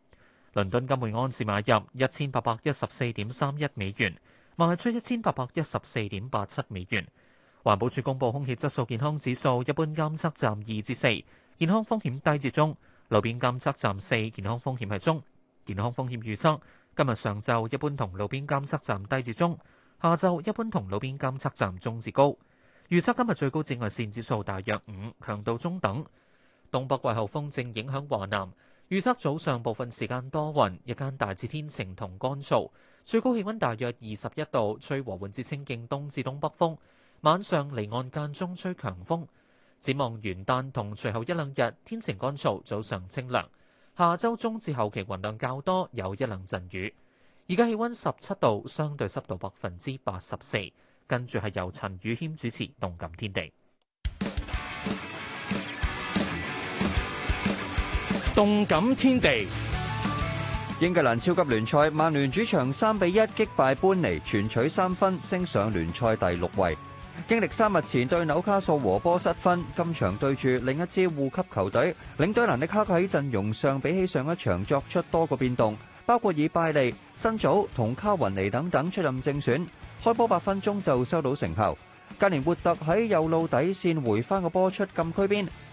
倫敦金每安士買入一千八百一十四點三一美元，賣出一千八百一十四點八七美元。環保署公布空氣質素健康指數，一般監測站二至四，健康風險低至中；路邊監測站四，健康風險係中。健康風險預測今日上晝一般同路邊監測站低至中，下晝一般同路邊監測站中至高。預測今日最高紫外線指數大約五，強度中等。東北季候風正影響華南。預測早上部分時間多雲，日間大致天晴同乾燥，最高氣溫大約二十一度，吹和緩至清勁東至東北風。晚上離岸間中吹強風。展望元旦同隨後一兩日天晴乾燥，早上清涼。下周中至後期雲量較多，有一兩陣雨。而家氣溫十七度，相對濕度百分之八十四。跟住係由陳宇謙主持《動感天地》。動感天地，英格蘭超級聯賽，曼聯主場三比一擊敗般尼，全取三分，升上聯賽第六位。經歷三日前對紐卡素和波失分，今場對住另一支護級球隊，領隊蘭尼克喺陣容上比起上一場作出多個變動，包括以拜利、新祖同卡雲尼等等出任正選。開波八分鐘就收到成效，格連活特喺右路底線回翻個波出禁區邊。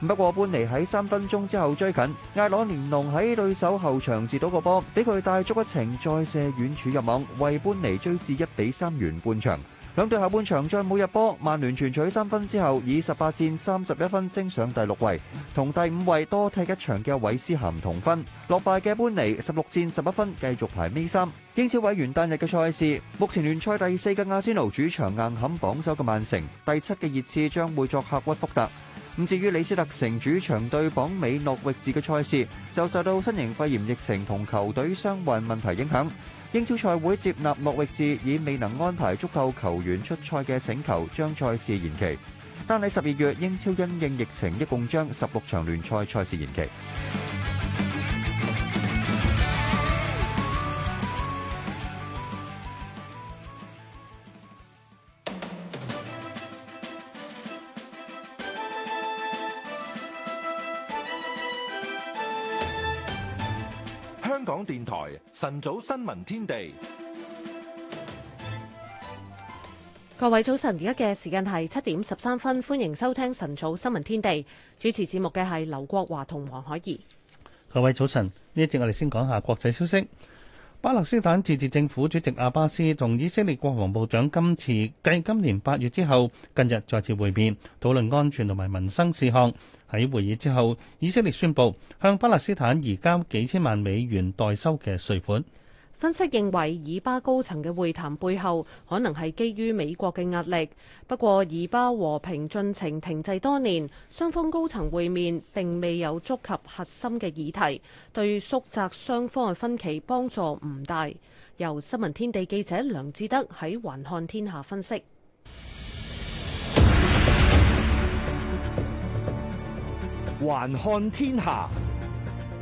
不過，班尼喺三分鐘之後追近，艾羅連奴喺對手後場接到個波，俾佢帶足一程再射遠柱入網，為班尼追至一比三完半場。兩隊下半場再冇入波，曼聯全取三分之後，以十八戰三十一分升上第六位，同第五位多踢一場嘅韋斯咸同分。落敗嘅班尼十六戰十一分，繼續排尾三。英超為元旦日嘅賽事，目前聯賽第四嘅阿仙奴主場硬撼榜首嘅曼城，第七嘅熱刺將會作客屈福特。咁至於李斯特城主場對榜尾諾域治嘅賽事，就受到新型肺炎疫情同球隊傷患問題影響。英超賽會接納諾域治已未能安排足夠球員出賽嘅請求，將賽事延期。單喺十二月，英超因應疫情，一共將十六場聯賽賽事延期。晨早新聞天地，各位早晨，而家嘅時間係七點十三分，歡迎收聽晨早新聞天地。主持節目嘅係劉國華同黃海怡。各位早晨，呢一節我哋先講下國際消息。巴勒斯坦自治政府主席阿巴斯同以色列國防部長，今次繼今年八月之後，近日再次會面，討論安全同埋民生事項。喺會議之後，以色列宣布向巴勒斯坦移交幾千萬美元代收嘅稅款。分析認為，以巴高層嘅會談背後可能係基於美國嘅壓力。不過，以巴和平進程停滯多年，雙方高層會面並未有觸及核心嘅議題，對縮窄雙方嘅分歧幫助唔大。由新聞天地記者梁志德喺《橫看天下》分析。橫看天下。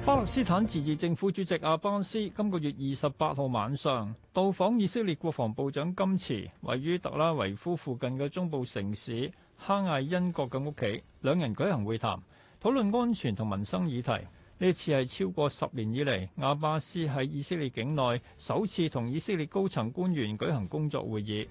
巴勒斯坦自治政府主席阿巴斯今個月二十八號晚上到訪以色列國防部長金池位於特拉維夫附近嘅中部城市哈艾恩國嘅屋企，兩人舉行會談，討論安全同民生議題。呢次係超過十年以嚟，阿巴斯喺以色列境內首次同以色列高層官員舉行工作會議。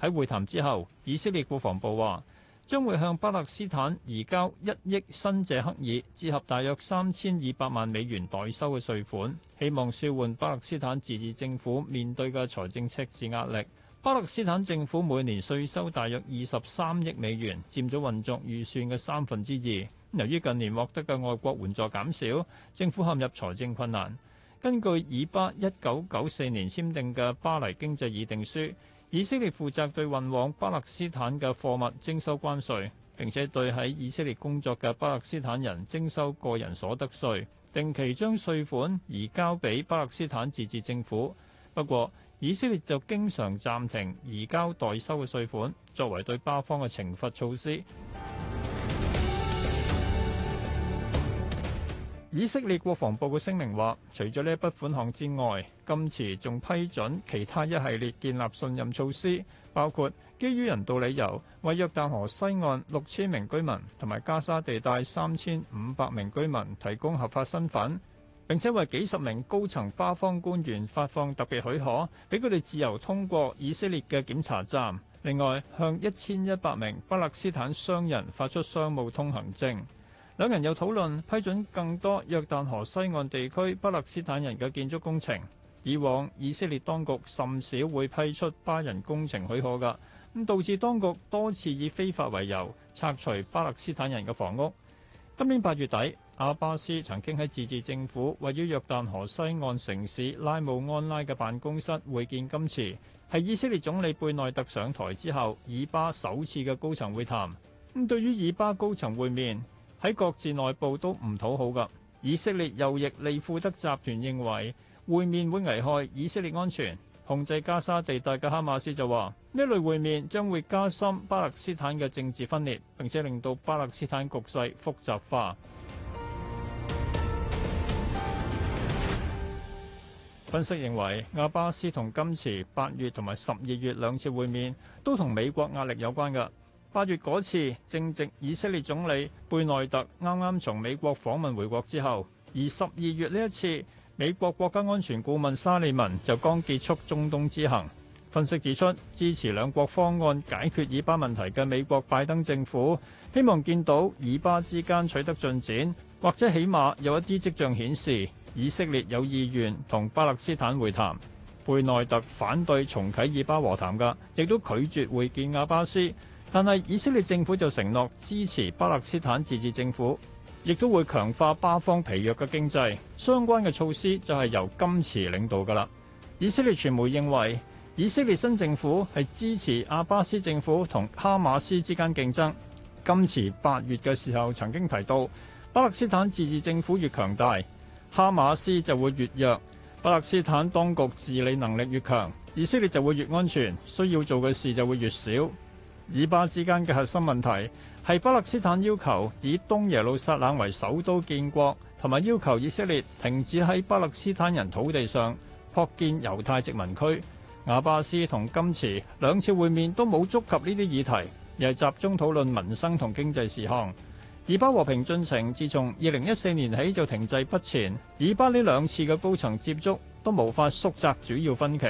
喺會談之後，以色列國防部話。將會向巴勒斯坦移交一億新謝克爾，折合大約三千二百萬美元代收嘅稅款，希望舒緩巴勒斯坦自治政府面對嘅財政赤字壓力。巴勒斯坦政府每年稅收大約二十三億美元，佔咗運作預算嘅三分之二。由於近年獲得嘅外國援助減少，政府陷入財政困難。根據以巴一九九四年簽訂嘅巴黎經濟議定書。以色列負責對運往巴勒斯坦嘅貨物徵收關稅，並且對喺以色列工作嘅巴勒斯坦人徵收個人所得稅，定期將稅款移交俾巴勒斯坦自治政府。不過，以色列就經常暫停移交代收嘅稅款，作為對巴方嘅懲罰措施。以色列國防部嘅聲明話，除咗呢一筆款項之外，今次仲批准其他一系列建立信任措施，包括基於人道理由，為約旦河西岸六千名居民同埋加沙地帶三千五百名居民提供合法身份，並且為幾十名高層巴方官員發放特別許可，俾佢哋自由通過以色列嘅檢查站。另外，向一千一百名巴勒斯坦商人發出商務通行證。兩人又討論批准更多約旦河西岸地區巴勒斯坦人嘅建築工程。以往以色列當局甚少會批出巴人工程許可㗎，咁導致當局多次以非法為由拆除巴勒斯坦人嘅房屋。今年八月底，阿巴斯曾經喺自治政府位於約旦河西岸城市拉姆安拉嘅辦公室會見甘茨，係以色列總理貝內特上台之後以巴首次嘅高層會談。咁對於以巴高層會面，喺各自內部都唔討好噶。以色列右翼利庫德集團認為，會面會危害以色列安全。控制加沙地帶嘅哈馬斯就話，呢類會面將會加深巴勒斯坦嘅政治分裂，並且令到巴勒斯坦局勢複雜化。分析認為，阿巴斯同今次八月同埋十二月兩次會面都同美國壓力有關嘅。八月嗰次正值以色列總理貝內特啱啱從美國訪問回國之後，而十二月呢一次，美國國家安全顧問沙利文就剛結束中東之行。分析指出，支持兩國方案解決以巴問題嘅美國拜登政府希望見到以巴之間取得進展，或者起碼有一啲跡象顯示以色列有意願同巴勒斯坦會談。貝內特反對重啟以巴和談嘅，亦都拒絕會見阿巴斯。但係，以色列政府就承諾支持巴勒斯坦自治政府，亦都會強化巴方疲弱嘅經濟，相關嘅措施就係由金池領導㗎啦。以色列傳媒認為，以色列新政府係支持阿巴斯政府同哈馬斯之間競爭。金池八月嘅時候曾經提到，巴勒斯坦自治政府越強大，哈馬斯就會越弱；巴勒斯坦當局治理能力越強，以色列就會越安全，需要做嘅事就會越少。以巴之間嘅核心問題係巴勒斯坦要求以東耶路撒冷為首都建國，同埋要求以色列停止喺巴勒斯坦人土地上擴建猶太殖民區。阿巴斯同金池兩次會面都冇觸及呢啲議題，而係集中討論民生同經濟事項。以巴和平進程自從二零一四年起就停滯不前，以巴呢兩次嘅高層接觸都無法縮窄主要分歧。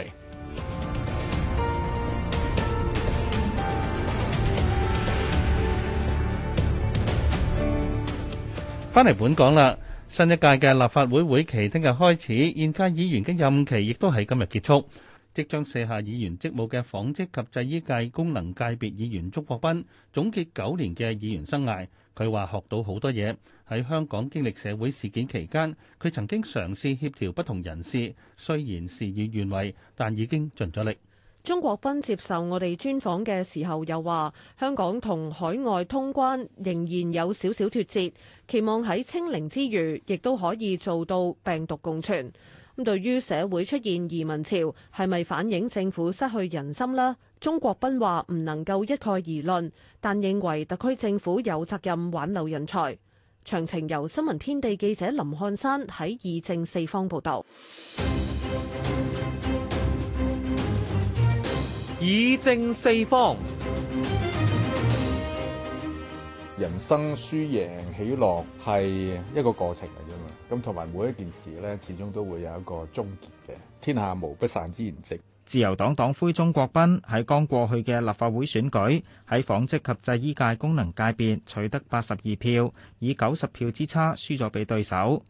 翻嚟本港啦，新一屆嘅立法會會期聽日開始，現屆議員嘅任期亦都係今日結束。即將卸下議員職務嘅紡織及製衣界功能界別議員鍾國斌總結九年嘅議員生涯，佢話學到好多嘢。喺香港經歷社會事件期間，佢曾經嘗試協調不同人士，雖然事與願違，但已經盡咗力。鍾國斌接受我哋專訪嘅時候又話，香港同海外通關仍然有少少脫節，期望喺清零之餘，亦都可以做到病毒共存。咁對於社會出現移民潮，係咪反映政府失去人心呢？鍾國斌話唔能夠一概而論，但認為特區政府有責任挽留人才。詳情由新聞天地記者林漢山喺《議政四方》報道。以正四方。人生輸贏喜樂係一個過程嚟啫嘛。咁同埋每一件事咧，始終都會有一個終結嘅。天下無不散之筵席。自由黨黨魁鍾國斌喺剛過去嘅立法會選舉，喺紡織及製衣界功能界別取得八十二票，以九十票之差輸咗俾對手。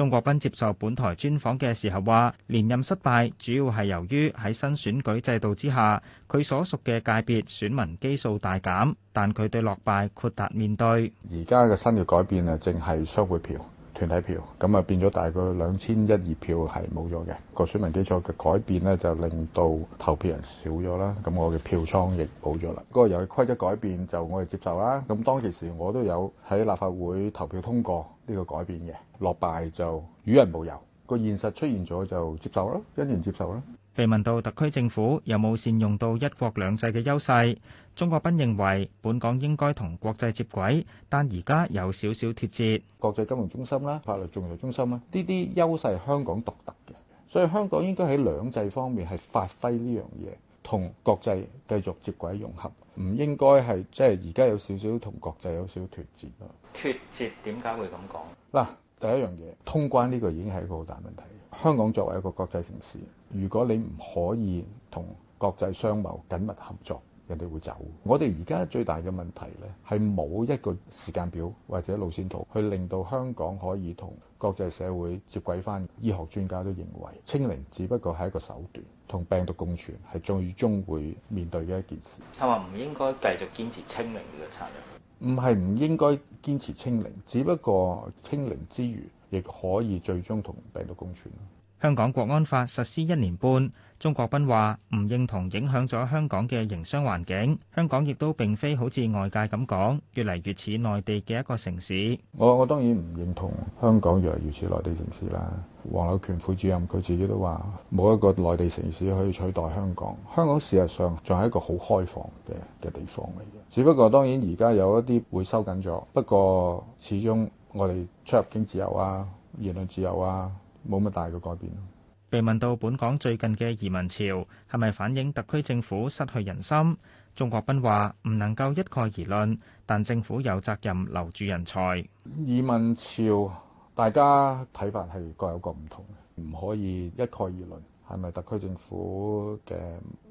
鍾國斌接受本台專訪嘅時候話，連任失敗主要係由於喺新選舉制度之下，佢所屬嘅界別選民基數大減，但佢對落敗豁達面對。而家嘅新嘅改變啊，淨係商會票。團體票咁啊變咗大概兩千一二票係冇咗嘅個選民基礎嘅改變呢，就令到投票人少咗啦。咁我嘅票倉亦冇咗啦。嗰、那個遊戲規則改變，就我哋接受啦。咁當其時我都有喺立法會投票通過呢個改變嘅落敗，就與人無尤、那個現實出現咗就接受咯，欣然接受咯。被問到特區政府有冇善用到一國兩制嘅優勢。鍾國斌認為，本港應該同國際接軌，但而家有少少脫節。國際金融中心啦，法律仲裁中心啦，呢啲優勢香港獨特嘅，所以香港應該喺兩制方面係發揮呢樣嘢，同國際繼續接軌融合，唔應該係即係而家有少少同國際有少少脫節咯。脫節點解會咁講？嗱，第一樣嘢通關呢個已經係一個好大問題。香港作為一個國際城市，如果你唔可以同國際商貿緊密合作。人哋會走。我哋而家最大嘅問題咧，係冇一個時間表或者路線圖去令到香港可以同國際社會接軌翻。醫學專家都認為清零只不過係一個手段，同病毒共存係最終會面對嘅一件事。係話唔應該繼續堅持清零呢個策略？唔係唔應該堅持清零，只不過清零之餘亦可以最終同病毒共存。香港國安法實施一年半。鍾國斌話：唔認同影響咗香港嘅營商環境，香港亦都並非好似外界咁講，越嚟越似內地嘅一個城市。我我當然唔認同香港越嚟越似內地城市啦。黃柳權副主任佢自己都話，冇一個內地城市可以取代香港。香港事實上仲係一個好開放嘅嘅地方嚟嘅，只不過當然而家有一啲會收緊咗，不過始終我哋出入境自由啊、言論自由啊，冇乜大嘅改變。被問到本港最近嘅移民潮係咪反映特區政府失去人心，鍾國斌話唔能夠一概而論，但政府有責任留住人才。移民潮大家睇法係各有各唔同，唔可以一概而論。係咪特區政府嘅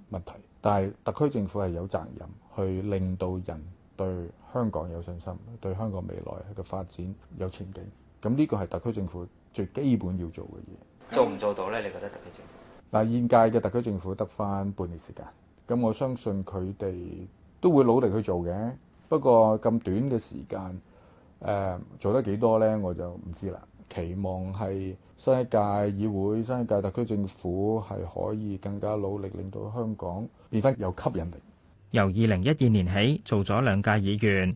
問題？但係特區政府係有責任去令到人對香港有信心，對香港未來嘅發展有前景。咁呢個係特區政府最基本要做嘅嘢。做唔做到呢？你覺得特區政府嗱，現屆嘅特區政府得翻半年時間，咁我相信佢哋都會努力去做嘅。不過咁短嘅時間，呃，做得幾多呢？我就唔知啦。期望係新一屆議會、新一屆特區政府係可以更加努力，令到香港變翻有吸引力。由二零一二年起做咗兩屆議員。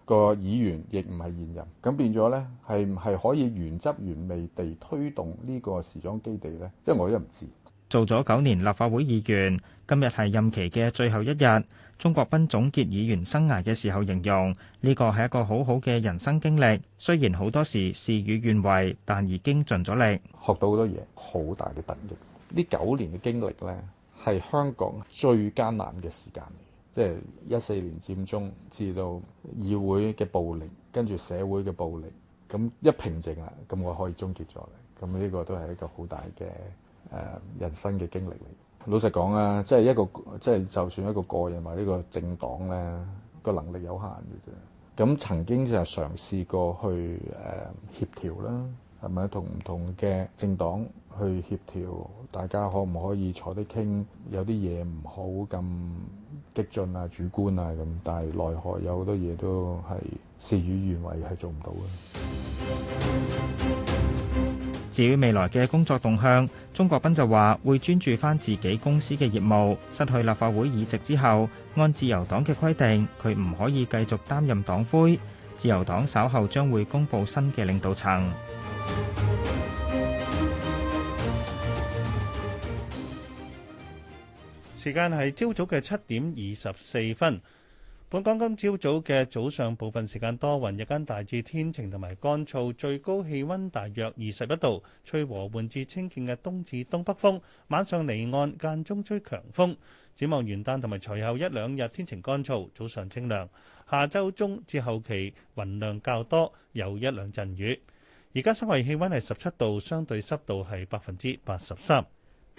個議員亦唔係現任，咁變咗呢，係唔係可以原汁原味地推動呢個時裝基地呢？因為我亦唔知。做咗九年立法會議員，今日係任期嘅最後一日，鍾國斌總結議員生涯嘅時候，形容呢個係一個好好嘅人生經歷。雖然好多時事與願違，但已經盡咗力，學到好多嘢，好大嘅得益。呢九年嘅經歷呢，係香港最艱難嘅時間。即係一四年佔中，至到議會嘅暴力，跟住社會嘅暴力，咁一平靜啦，咁我可以終結咗啦。咁呢個都係一個好大嘅誒、呃、人生嘅經歷嚟。老實講啊，即係一個即係，就算一個個人或者一個政黨咧，個能力有限嘅啫。咁曾經就係嘗試過去誒、呃、協調啦，係咪同唔同嘅政黨去協調，大家可唔可以坐低傾？有啲嘢唔好咁。激進啊、主觀啊咁，但係奈何有好多嘢都係事與願違，係做唔到嘅。至於未來嘅工作動向，鍾國斌就話會專注返自己公司嘅業務。失去立法會議席之後，按自由黨嘅規定，佢唔可以繼續擔任黨魁。自由黨稍後將會公布新嘅領導層。時間係朝早嘅七點二十四分。本港今朝早嘅早，早上部分時間多雲，日間大致天晴同埋乾燥，最高氣温大約二十一度，吹和緩至清勁嘅東至東北風。晚上離岸間中吹強風。展望元旦同埋隨後一兩日天晴乾燥，早上清涼。下周中至後期雲量較多，有一兩陣雨。而家室外氣温係十七度，相對濕度係百分之八十三。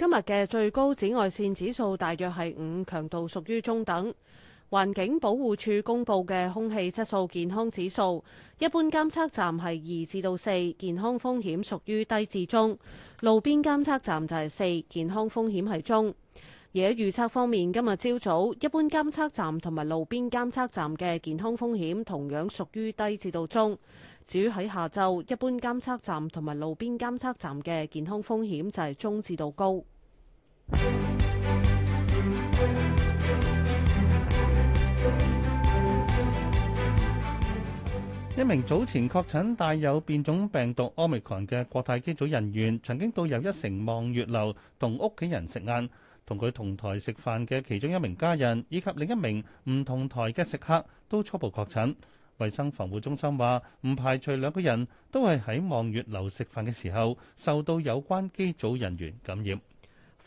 今日嘅最高紫外線指數大約係五，強度屬於中等。環境保護署公布嘅空氣質素健康指數，一般監測站係二至到四，健康風險屬於低至中；路邊監測站就係四，健康風險係中。而喺預測方面，今日朝早一般監測站同埋路邊監測站嘅健康風險同樣屬於低至到中。至於喺下晝，一般監測站同埋路邊監測站嘅健康風險就係中至到高。一名早前確診帶有變種病毒 Omicron 嘅國泰機組人員，曾經到又一城望月樓同屋企人食晏，同佢同台食飯嘅其中一名家人以及另一名唔同台嘅食客都初步確診。衛生防護中心話，唔排除兩個人都係喺望月樓食飯嘅時候受到有關機組人員感染。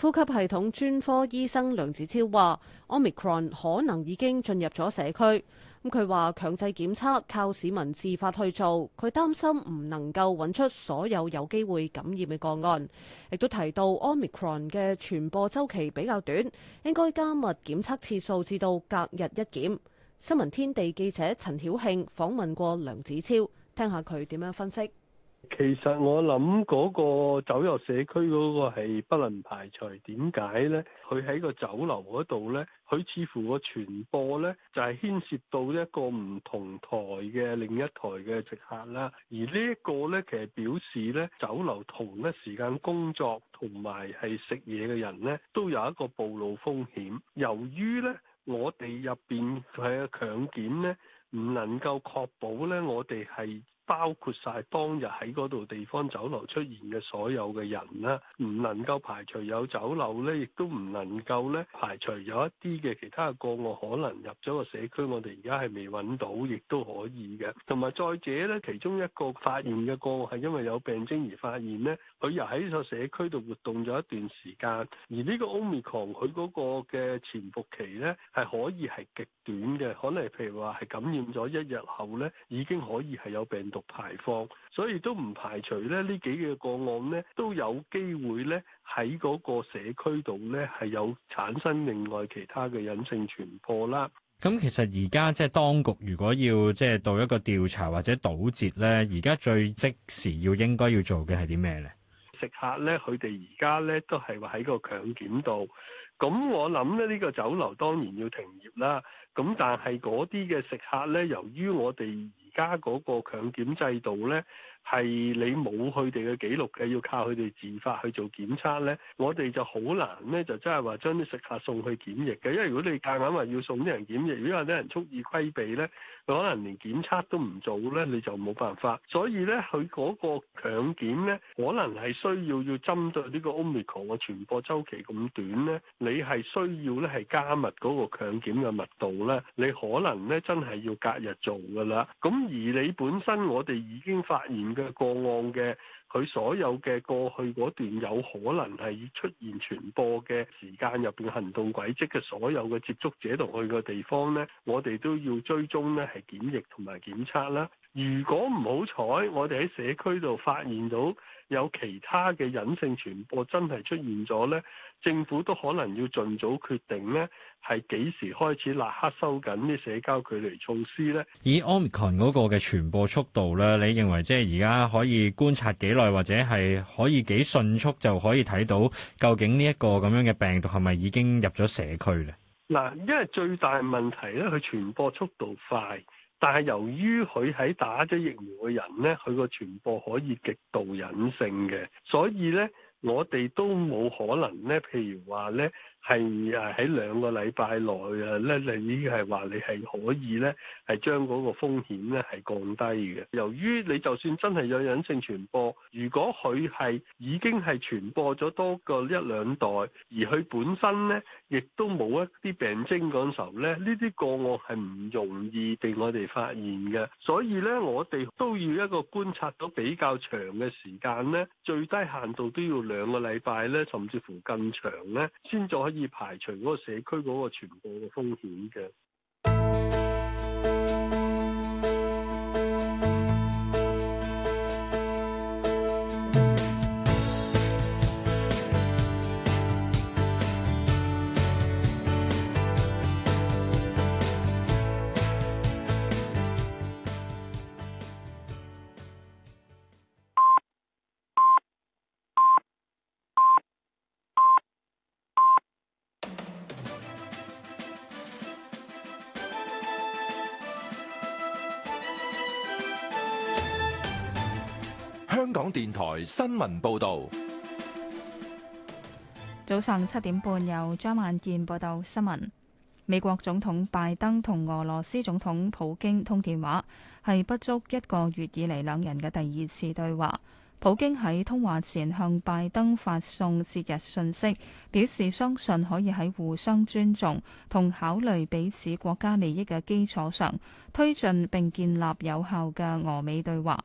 呼吸系統專科醫生梁子超話，Omicron 可能已經進入咗社區。咁佢話強制檢測靠市民自發去做，佢擔心唔能夠揾出所有有機會感染嘅個案。亦都提到 Omicron 嘅傳播周期比較短，應該加密檢測次數至到隔日一檢。新聞天地記者陳曉慶訪問過梁子超，聽下佢點樣分析。其實我諗嗰個走入社區嗰個係不能排除，點解呢？佢喺個酒樓嗰度呢，佢似乎個傳播呢，就係牽涉到一個唔同台嘅另一台嘅食客啦。而呢一個呢，其實表示呢酒樓同一時間工作同埋係食嘢嘅人呢，都有一個暴露風險。由於呢，我哋入邊佢嘅強檢呢，唔能夠確保呢，我哋係。包括晒當日喺嗰度地方酒樓出現嘅所有嘅人啦，唔能夠排除有酒樓咧，亦都唔能夠咧排除有一啲嘅其他嘅個案可能入咗個社區，我哋而家係未揾到，亦都可以嘅。同埋再者咧，其中一個發現嘅個案係因為有病徵而發現咧，佢又喺呢個社區度活動咗一段時間，而呢個 omicron 佢嗰個嘅潛伏期咧係可以係極短嘅，可能譬如話係感染咗一日後咧已經可以係有病。排放，所以都唔排除咧，呢幾嘅個，個案咧都有機會咧喺嗰個社區度咧係有產生另外其他嘅隱性傳播啦。咁、嗯、其實而家即係當局如果要即係到一個調查或者堵截呢，而家最即時要應該要做嘅係啲咩呢？食客呢，佢哋而家呢都係話喺個強檢度，咁、嗯、我諗咧呢、呢個酒樓當然要停業啦。咁、嗯、但係嗰啲嘅食客呢，由於我哋。加嗰個強檢制度咧。係你冇佢哋嘅記錄嘅，要靠佢哋自發去做檢測咧，我哋就好難咧，就真係話將啲食客送去檢疫嘅。因為如果你夾硬話要送啲人檢疫，如果啲人蓄意規避咧，佢可能連檢測都唔做咧，你就冇辦法。所以咧，佢嗰個強檢咧，可能係需要要針對呢個 Omicron 嘅傳播周期咁短咧，你係需要咧係加密嗰個強檢嘅密度咧，你可能咧真係要隔日做㗎啦。咁而你本身我哋已經發現，嘅個案嘅，佢所有嘅過去嗰段有可能係出現傳播嘅時間入邊，行動軌跡嘅所有嘅接觸者同去嘅地方呢，我哋都要追蹤呢，係檢疫同埋檢測啦。如果唔好彩，我哋喺社區度發現到。有其他嘅隱性傳播真係出現咗呢？政府都可能要儘早決定呢，係幾時開始立刻收緊啲社交距離措施呢？以 Omicron 嗰個嘅傳播速度咧，你認為即係而家可以觀察幾耐，或者係可以幾迅速就可以睇到究竟呢一個咁樣嘅病毒係咪已經入咗社區呢？嗱，因為最大問題呢，佢傳播速度快。但係，由於佢喺打咗疫苗嘅人咧，佢個傳播可以極度隱性嘅，所以咧，我哋都冇可能咧，譬如話咧。係誒喺兩個禮拜內啊，咧你已經係話你係可以咧，係將嗰個風險咧係降低嘅。由於你就算真係有隱性傳播，如果佢係已經係傳播咗多個一兩代，而佢本身咧亦都冇一啲病徵嗰時候咧，呢啲個案係唔容易被我哋發現嘅。所以咧，我哋都要一個觀察到比較長嘅時間咧，最低限度都要兩個禮拜咧，甚至乎更長咧，先再以排除嗰個社區嗰個傳播嘅風險嘅。新聞報道。早上七點半，由張萬健報道新聞。美國總統拜登同俄羅斯總統普京通電話，係不足一個月以嚟兩人嘅第二次對話。普京喺通話前向拜登發送節日信息，表示相信可以喺互相尊重同考慮彼此國家利益嘅基礎上，推進並建立有效嘅俄美對話。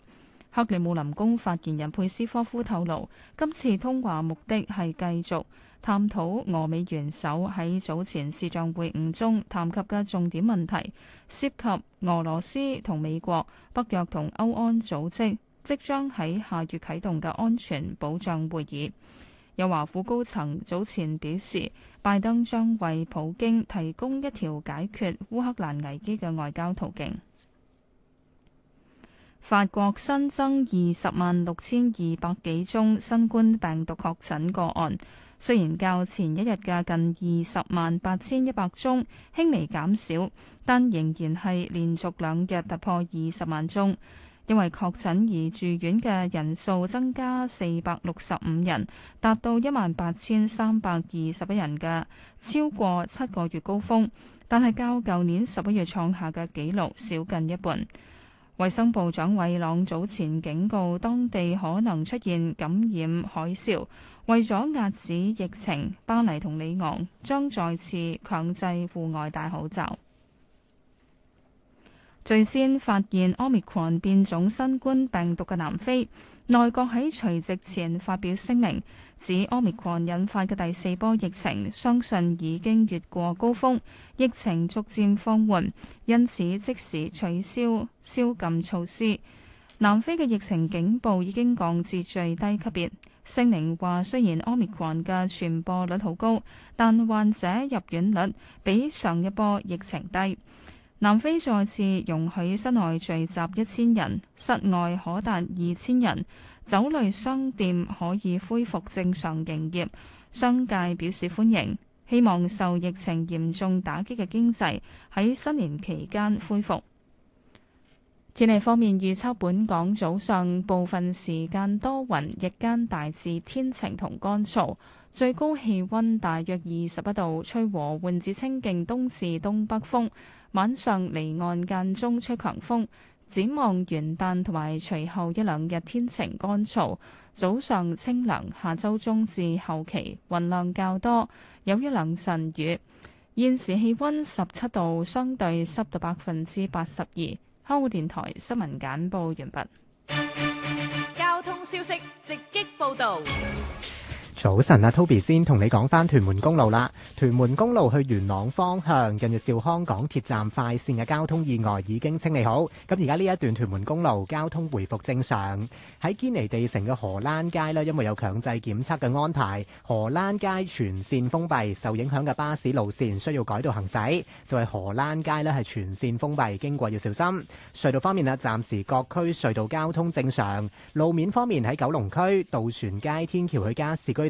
克里姆林宮發言人佩斯科夫透露，今次通話目的係繼續探討俄美元首喺早前視像會晤中談及嘅重點問題，涉及俄羅斯同美國北約同歐安組織即將喺下月啟動嘅安全保障會議。有華府高層早前表示，拜登將為普京提供一條解決烏克蘭危機嘅外交途徑。法國新增二十萬六千二百幾宗新冠病毒確診個案，雖然較前一日嘅近二十萬八千一百宗輕微減少，但仍然係連續兩日突破二十萬宗。因為確診而住院嘅人數增加四百六十五人，達到一萬八千三百二十一人嘅超過七個月高峰，但係較舊年十一月創下嘅紀錄少近一半。衛生部長韋朗早前警告，當地可能出現感染海嘯。為咗遏止疫情，巴黎同里昂將再次強制戶外戴口罩。最先發現 Omicron 變種新冠病毒嘅南非，內閣喺除夕前發表聲明，指 Omicron 引發嘅第四波疫情，相信已經越過高峰，疫情逐漸放緩，因此即時取消宵禁措施。南非嘅疫情警報已經降至最低級別。聲明話，雖然 Omicron 嘅傳播率好高，但患者入院率比上一波疫情低。南非再次容許室內聚集一千人，室外可達二千人。酒類商店可以恢復正常營業，商界表示歡迎，希望受疫情嚴重打擊嘅經濟喺新年期間恢復。天氣方面預測，本港早上部分時間多雲，日間大致天晴同乾燥，最高氣溫大約二十一度，吹和緩至清勁東至東北風。晚上離岸間中吹強風。展望元旦同埋隨後一兩日天晴乾燥，早上清涼，下周中至後期雲量較多，有一兩陣雨。現時氣溫十七度，相對濕度百分之八十二。香港電台新聞簡報完畢。交通消息直擊報道。早晨啊，Toby 先同你講返屯門公路啦。屯門公路去元朗方向，近日兆康港鐵站快線嘅交通意外已經清理好，咁而家呢一段屯門公路交通回復正常。喺堅尼地城嘅荷蘭街呢，因為有強制檢測嘅安排，荷蘭街全線封閉，受影響嘅巴士路線需要改道行駛。就係荷蘭街呢係全線封閉，經過要小心。隧道方面呢，暫時各區隧道交通正常。路面方面喺九龍區渡船街天橋去加士居。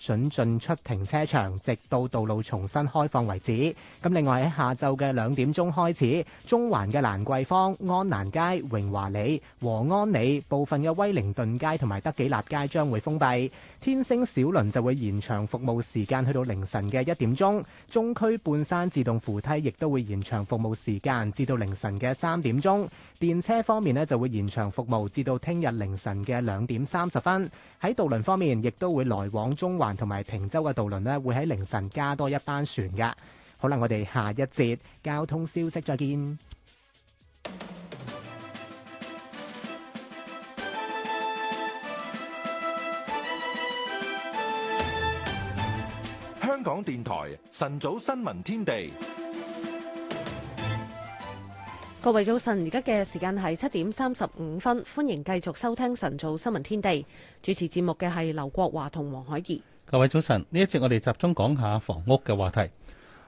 准進出停車場，直到道路重新開放為止。咁另外喺下晝嘅兩點鐘開始，中環嘅蘭桂坊、安蘭街、榮華里、和安里部分嘅威靈頓街同埋德己立街將會封閉。天星小輪就會延長服務時間，去到凌晨嘅一點鐘。中區半山自動扶梯亦都會延長服務時間，至到凌晨嘅三點鐘。電車方面呢，就會延長服務，至到聽日凌晨嘅兩點三十分。喺渡輪方面，亦都會來往中環。同埋坪洲嘅渡輪咧，會喺凌晨加多一班船嘅。好能我哋下一節交通消息再見。香港電台晨早新聞天地，各位早晨，而家嘅時間係七點三十五分，歡迎繼續收聽晨早新聞天地。主持節目嘅係劉國華同黃海怡。各位早晨，呢一節我哋集中講下房屋嘅話題。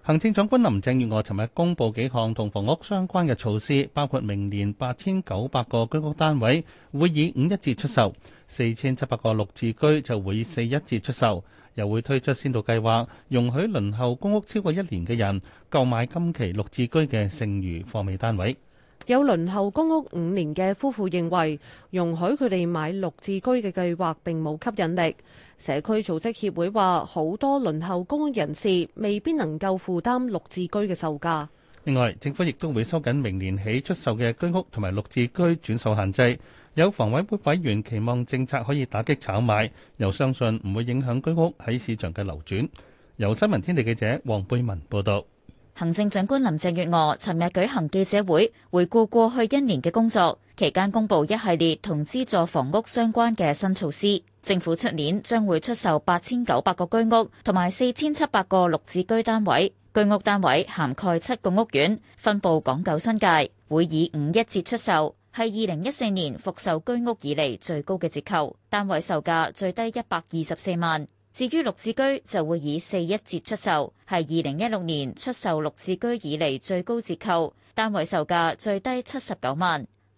行政長官林鄭月娥尋日公布幾項同房屋相關嘅措施，包括明年八千九百個居屋單位會以五一折出售，四千七百個綠置居就會以四一折出售，又會推出先導計劃，容許輪候公屋超過一年嘅人購買今期綠置居嘅剩餘貨尾單位。有輪候公屋五年嘅夫婦認為，容許佢哋買綠置居嘅計劃並冇吸引力。社區組織協會話：好多輪候公屋人士未必能夠負擔綠置居嘅售價。另外，政府亦都會收緊明年起出售嘅居屋同埋綠置居轉售限制。有房委會委員期望政策可以打擊炒賣，又相信唔會影響居屋喺市場嘅流轉。由新聞天地記者黃貝文報道。行政長官林鄭月娥尋日舉行記者會，回顧過去一年嘅工作，期間，公布一系列同資助房屋相關嘅新措施。政府出年將會出售八千九百個居屋同埋四千七百個綠置居單位，居屋單位涵蓋七個屋苑，分布港九新界，會以五一折出售，係二零一四年復售居屋以嚟最高嘅折扣，單位售價最低一百二十四萬。至於綠置居就會以四一折出售，係二零一六年出售綠置居以嚟最高折扣，單位售價最低七十九萬。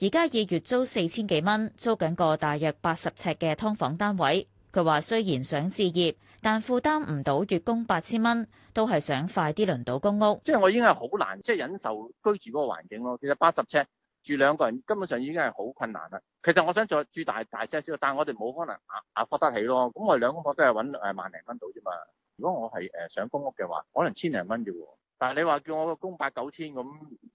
而家以月租四千幾蚊租緊個大約八十尺嘅劏房單位，佢話雖然想置業，但負擔唔到月供八千蚊，都係想快啲輪到公屋。即係我已經係好難，即係忍受居住嗰個環境咯。其實八十尺住兩個人根本上已經係好困難啦。其實我想再住大大些少，但係我哋冇可能壓壓得起咯。咁我哋兩公婆都係揾誒萬零蚊度啫嘛。如果我係誒上公屋嘅話，可能千零蚊啫喎。但係你話叫我供八九千咁，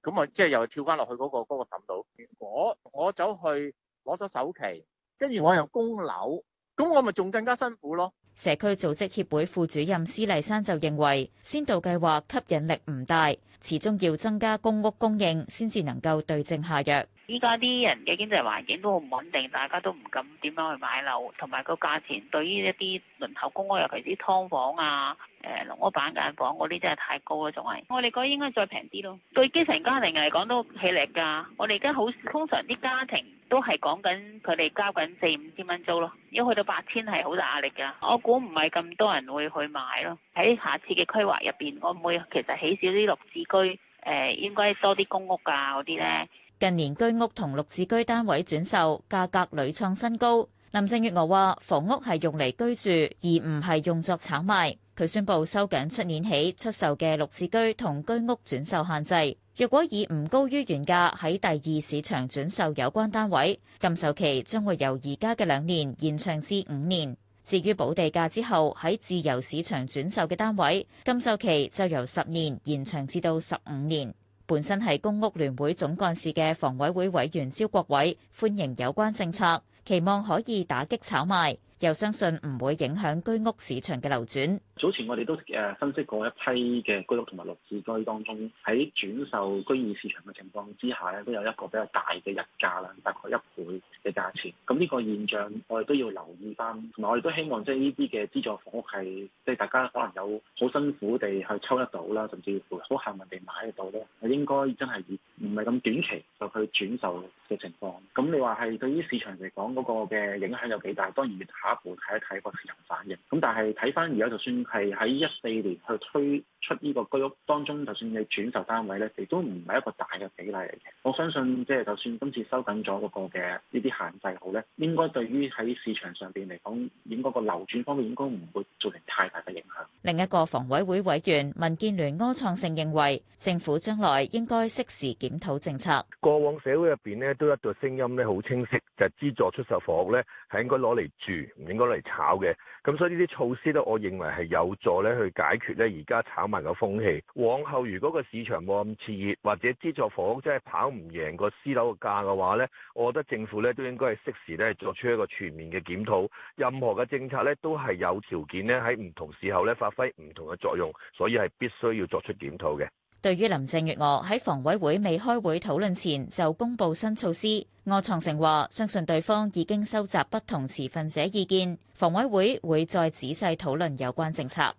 咁啊即係又跳翻落去嗰個嗰個氹度。我，我走去攞咗首期，跟住我又供樓，咁我咪仲更加辛苦咯。社區組織協會副主任施麗珊就認為，先導計劃吸引力唔大，始終要增加公屋供應，先至能夠對症下藥。依家啲人嘅經濟環境都好唔穩定，大家都唔敢點樣去買樓，同埋個價錢對於一啲輪候公屋，尤其啲劏房啊、誒籠屋板間房嗰啲，真係太高啦，仲係。我哋覺得應該再平啲咯，對基層家庭嚟講都起力㗎。我哋而家好通常啲家庭都係講緊佢哋交緊四五千蚊租咯，一去到八千係好大壓力㗎。我估唔係咁多人會去買咯。喺下次嘅規劃入邊，我唔會其實起少啲綠置居，誒、呃、應該多啲公屋啊嗰啲呢。近年居屋同綠置居單位轉售價格屢創新高，林鄭月娥話房屋係用嚟居住而唔係用作炒賣。佢宣布收緊出年起出售嘅綠置居同居屋轉售限制，若果以唔高於原價喺第二市場轉售有關單位，禁售期將會由而家嘅兩年延長至五年。至於補地價之後喺自由市場轉售嘅單位，禁售期就由十年延長至到十五年。本身係公屋聯會總幹事嘅房委會委員招國偉歡迎有關政策，期望可以打擊炒賣，又相信唔會影響居屋市場嘅流轉。早前我哋都誒分析過一批嘅居屋同埋綠置居當中，喺轉售居二市場嘅情況之下咧，都有一個比較大嘅溢價啦，大概一倍嘅價錢。咁呢個現象我哋都要留意返，同埋我哋都希望即係呢啲嘅資助房屋係即係大家可能有好辛苦地去抽得到啦，甚至乎好幸運地買得到咧，應該真係唔係咁短期就去轉售嘅情況。咁你話係對於市場嚟講嗰個嘅影響有幾大？當然下一步睇一睇個市場反應。咁但係睇返而家就算。係喺一四年去推出呢個居屋，當中就算你轉售單位咧，亦都唔係一個大嘅比例嚟嘅。我相信即係就算今次收緊咗嗰個嘅呢啲限制號咧，應該對於喺市場上邊嚟講，應該個流轉方面應該唔會造成太大嘅影響。另一個房委會委員民建聯柯創盛認為，政府將來應該適時檢討政策。過往社會入邊呢，都有一個聲音咧，好清晰就係、是、資助出售房屋咧係應該攞嚟住，唔應該攞嚟炒嘅。咁所以呢啲措施咧，我認為係有。有助咧去解決咧而家炒賣嘅風氣。往後如果個市場冇咁熾熱，或者資助房屋真係跑唔贏個私樓嘅價嘅話咧，我覺得政府咧都應該係適時咧作出一個全面嘅檢討。任何嘅政策咧都係有條件咧喺唔同時候咧發揮唔同嘅作用，所以係必須要作出檢討嘅。對於林鄭月娥喺房委會未開會討論前就公布新措施，柯創盛話：相信對方已經收集不同持份者意見，房委會會再仔細討論有關政策。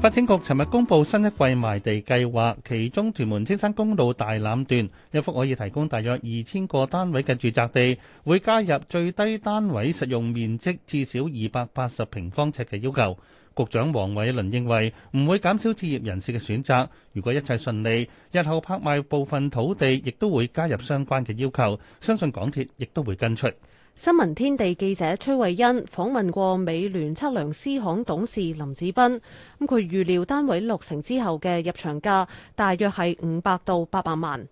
發政局尋日公布新一季埋地計劃，其中屯門青山公路大欖段一幅可以提供大約二千個單位嘅住宅地，會加入最低單位實用面積至少二百八十平方尺嘅要求。局長黃偉倫認為唔會減少置業人士嘅選擇。如果一切順利，日後拍賣部分土地亦都會加入相關嘅要求，相信港鐵亦都會跟出。新聞天地記者崔慧欣訪問過美聯測量師行董事林子斌，咁佢預料單位落成之後嘅入場價大約係五百到八百萬。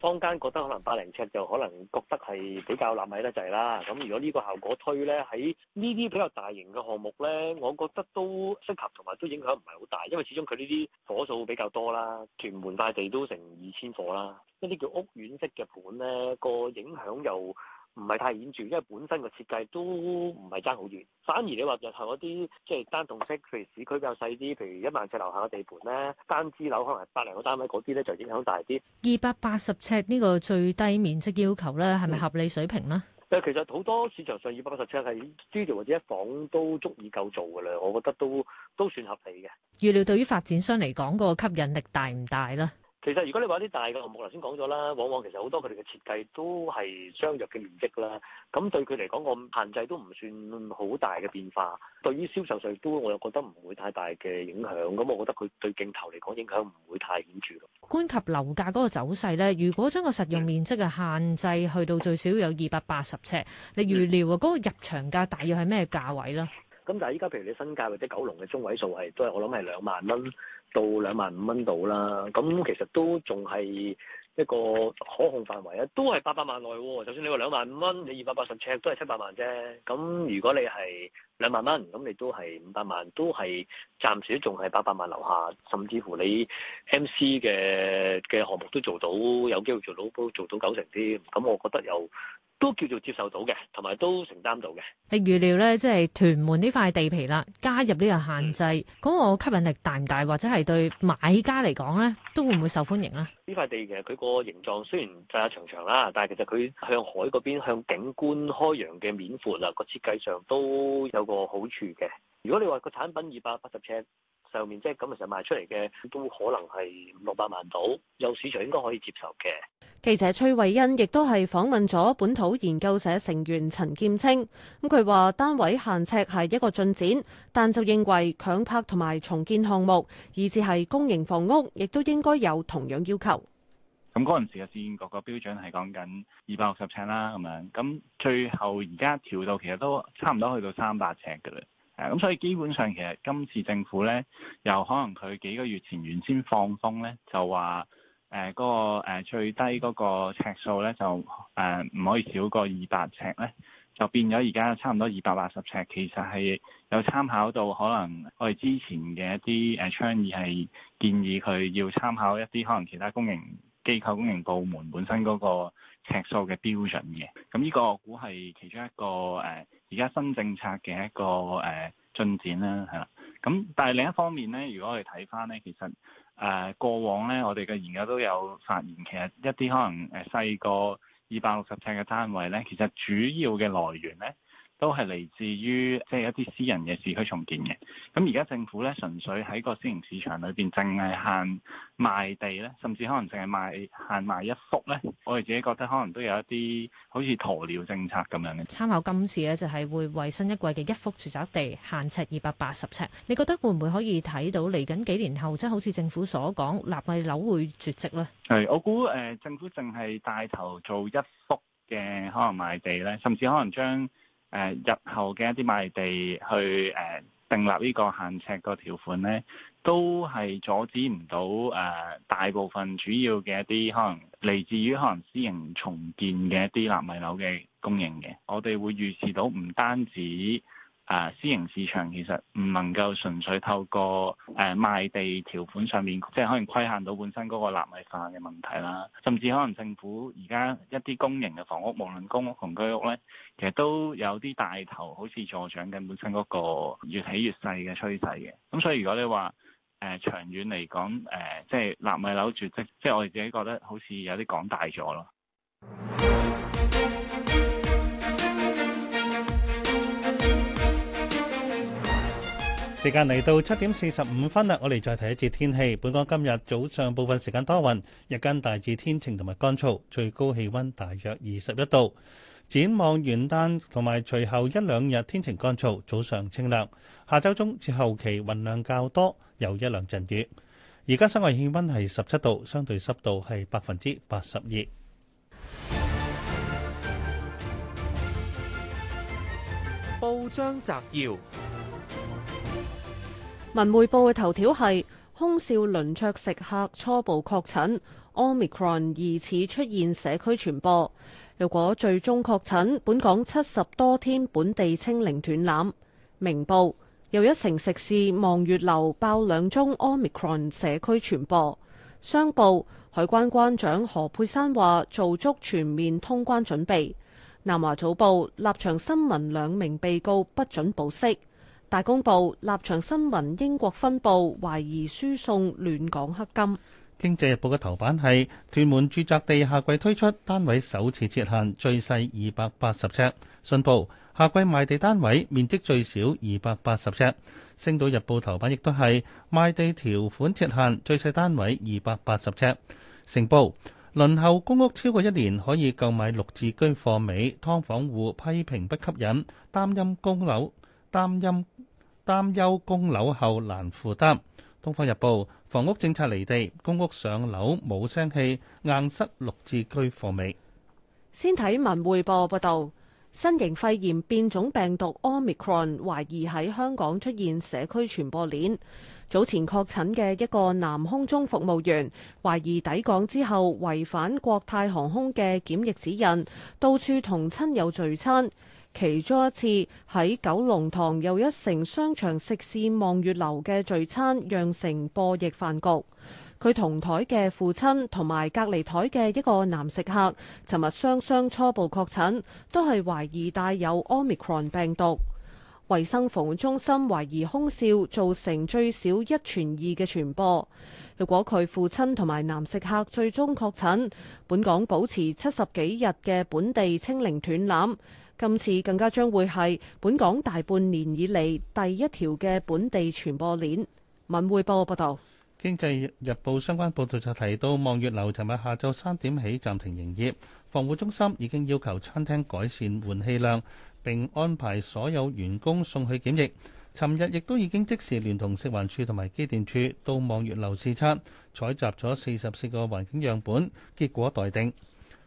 坊間覺得可能百零尺就可能覺得係比較納米得滯啦。咁如果呢個效果推咧喺呢啲比較大型嘅項目咧，我覺得都適合，同埋都影響唔係好大，因為始終佢呢啲火數比較多啦，屯門大地都成二千火啦，一啲叫屋苑式嘅盤咧個影響又唔係太顯著，因為本身個設計都唔係爭好遠。反而你話日後嗰啲即係單棟式，譬如市區比較細啲，譬如一萬尺樓下嘅地盤咧，單支樓可能係百零個單位嗰啲咧，就影響大啲。二百八十尺呢個最低面積要求咧，係咪合理水平呢？就、嗯嗯嗯、其實好多市場上二百八十尺係 studio 或者一房都足以夠做嘅啦，我覺得都都算合理嘅。預料對於發展商嚟講，個吸引力大唔大咧？其實如果你話啲大嘅項目，頭先講咗啦，往往其實好多佢哋嘅設計都係相若嘅面積啦，咁對佢嚟講個限制都唔算好大嘅變化。對於銷售稅都，我又覺得唔會太大嘅影響。咁我覺得佢對鏡頭嚟講影響唔會太顯著。關於樓價嗰個走勢咧，如果將個實用面積嘅限制去到最少有二百八十尺，你預料啊嗰個入場價大約係咩價位咧？咁但係依家譬如你新界或者九龍嘅中位數係都係我諗係兩萬蚊。到兩萬五蚊度啦，咁其實都仲係一個可控範圍啊，都係八百萬內喎。就算你話兩萬五蚊，你二百八十尺都係七百萬啫。咁如果你係兩萬蚊，咁你都係五百萬，都係暫時都仲係八百萬樓下，甚至乎你 MC 嘅嘅項目都做到有機會做到都做到九成添。咁我覺得有。都叫做接受到嘅，同埋都承擔到嘅。你預料咧，即係屯門呢塊地皮啦，加入呢個限制，嗰，嗯，個吸引力大唔大，或者係對買家嚟講咧，都會唔會受歡迎咧？呢塊地其實佢個形狀雖然窄長長啦，但係其實佢向海嗰邊向景觀開揚嘅面闊啊，個設計上都有個好處嘅。如果你話個產品二百八十尺。上面即係咁日就賣出嚟嘅，都可能係五六百萬到，有市場應該可以接受嘅。記者崔慧欣亦都係訪問咗本土研究社成員陳劍青，咁佢話單位限尺係一個進展，但就認為強拍同埋重建項目，以至係公營房屋，亦都應該有同樣要求。咁嗰陣時嘅市建局個標準係講緊二百六十尺啦，咁樣，咁最後而家調到其實都差唔多去到三百尺嘅嘞。誒咁所以基本上其實今次政府咧，由可能佢幾個月前原先放風咧，就話誒嗰個最低嗰個尺數咧，就誒唔、呃、可以少過二百尺咧，就變咗而家差唔多二百八十尺。其實係有參考到可能我哋之前嘅一啲誒倡議係建議佢要參考一啲可能其他公營機構、公營部門本身嗰、那個。尺數嘅標準嘅，咁呢個我估係其中一個誒，而、呃、家新政策嘅一個誒、呃、進展啦，係啦。咁但係另一方面咧，如果我哋睇返咧，其實誒、呃、過往咧，我哋嘅研究都有發現，其實一啲可能誒細過二百六十尺嘅單位咧，其實主要嘅來源咧，都係嚟自於即係一啲私人嘅市區重建嘅。咁而家政府咧，純粹喺個私人市場裏邊，淨係限賣地咧，甚至可能淨係賣限賣一幅咧。我哋自己覺得可能都有一啲好似鴕鳥政策咁樣嘅。參考今次咧，就係會為新一季嘅一幅住宅地限尺二百八十尺。你覺得會唔會可以睇到嚟緊幾年後，即係好似政府所講，納米樓會絕跡咧？係我估誒、呃、政府淨係帶頭做一幅嘅可能賣地咧，甚至可能將。誒日後嘅一啲賣地去誒訂立呢個限尺個條款咧，都係阻止唔到誒大部分主要嘅一啲可能嚟自於可能私營重建嘅一啲納米樓嘅供應嘅。我哋會預示到唔單止。啊，uh, 私營市場其實唔能夠純粹透過誒、uh, 賣地條款上面，即係可能規限到本身嗰個納米化嘅問題啦。甚至可能政府而家一啲公營嘅房屋，無論公屋同居屋咧，其實都有啲大頭，好似助長緊本身嗰個越起越細嘅趨勢嘅。咁所以如果你話誒、呃、長遠嚟講，誒即係納米樓絕跡，即係我哋自己覺得好似有啲講大咗咯。 時間嚟到七點四十五分啦，我哋再睇一次天氣。本港今日早上部分時間多雲，日間大致天晴同埋乾燥，最高氣溫大約二十一度。展望元旦同埋隨後一兩日天晴乾燥，早上清涼。下周中至後期雲量較多，有一兩陣雨。而家室外氣溫係十七度，相對濕度係百分之八十二。報章摘要。文匯報嘅頭條係：空少輪桌食客初步確診 Omicron 疑似出現社區傳播。如果最終確診，本港七十多天本地清零斷纜。明報，又一城食肆望月樓爆兩宗 Omicron 社區傳播。商報，海關關長何佩珊話：做足全面通關準備。南華早報，立場新聞兩名被告不准保釋。大公報立場新聞英國分部懷疑輸送亂港黑金。經濟日報嘅頭版係屯門住宅地下季推出單位首次設限最，最細二百八十尺。信報下季賣地單位面積最少二百八十尺。星島日報頭版亦都係賣地條款設限，最細單位二百八十尺。成報輪候公屋超過一年可以購買六字居貨尾，劏房戶批評不吸引，擔任供樓。擔憂擔憂供樓後難負擔。《東方日報》房屋政策離地，公屋上樓冇聲氣，硬塞六字居貨尾。先睇文匯報報導，新型肺炎變種病毒 Omicron 懷疑喺香港出現社區傳播鏈。早前確診嘅一個男空中服務員，懷疑抵港之後違反國泰航空嘅檢疫指引，到處同親友聚餐。其中一次喺九龍塘又一城商場食肆望月樓嘅聚餐，釀成播疫飯局。佢同台嘅父親同埋隔籬台嘅一個男食客，尋日雙雙初步確診，都係懷疑帶有 Omicron 病毒。衛生防護中心懷疑空少，造成最少一傳二嘅傳播。如果佢父親同埋男食客最終確診，本港保持七十幾日嘅本地清零斷纜。今次更加將會係本港大半年以嚟第一條嘅本地傳播鏈。文匯報報道，《經濟日報》相關報導就提到，望月樓尋日下晝三點起暫停營業，防護中心已經要求餐廳改善換氣量，並安排所有員工送去檢疫。尋日亦都已經即時聯同食環署同埋機電處到望月樓視察，採集咗四十四個環境樣本，結果待定。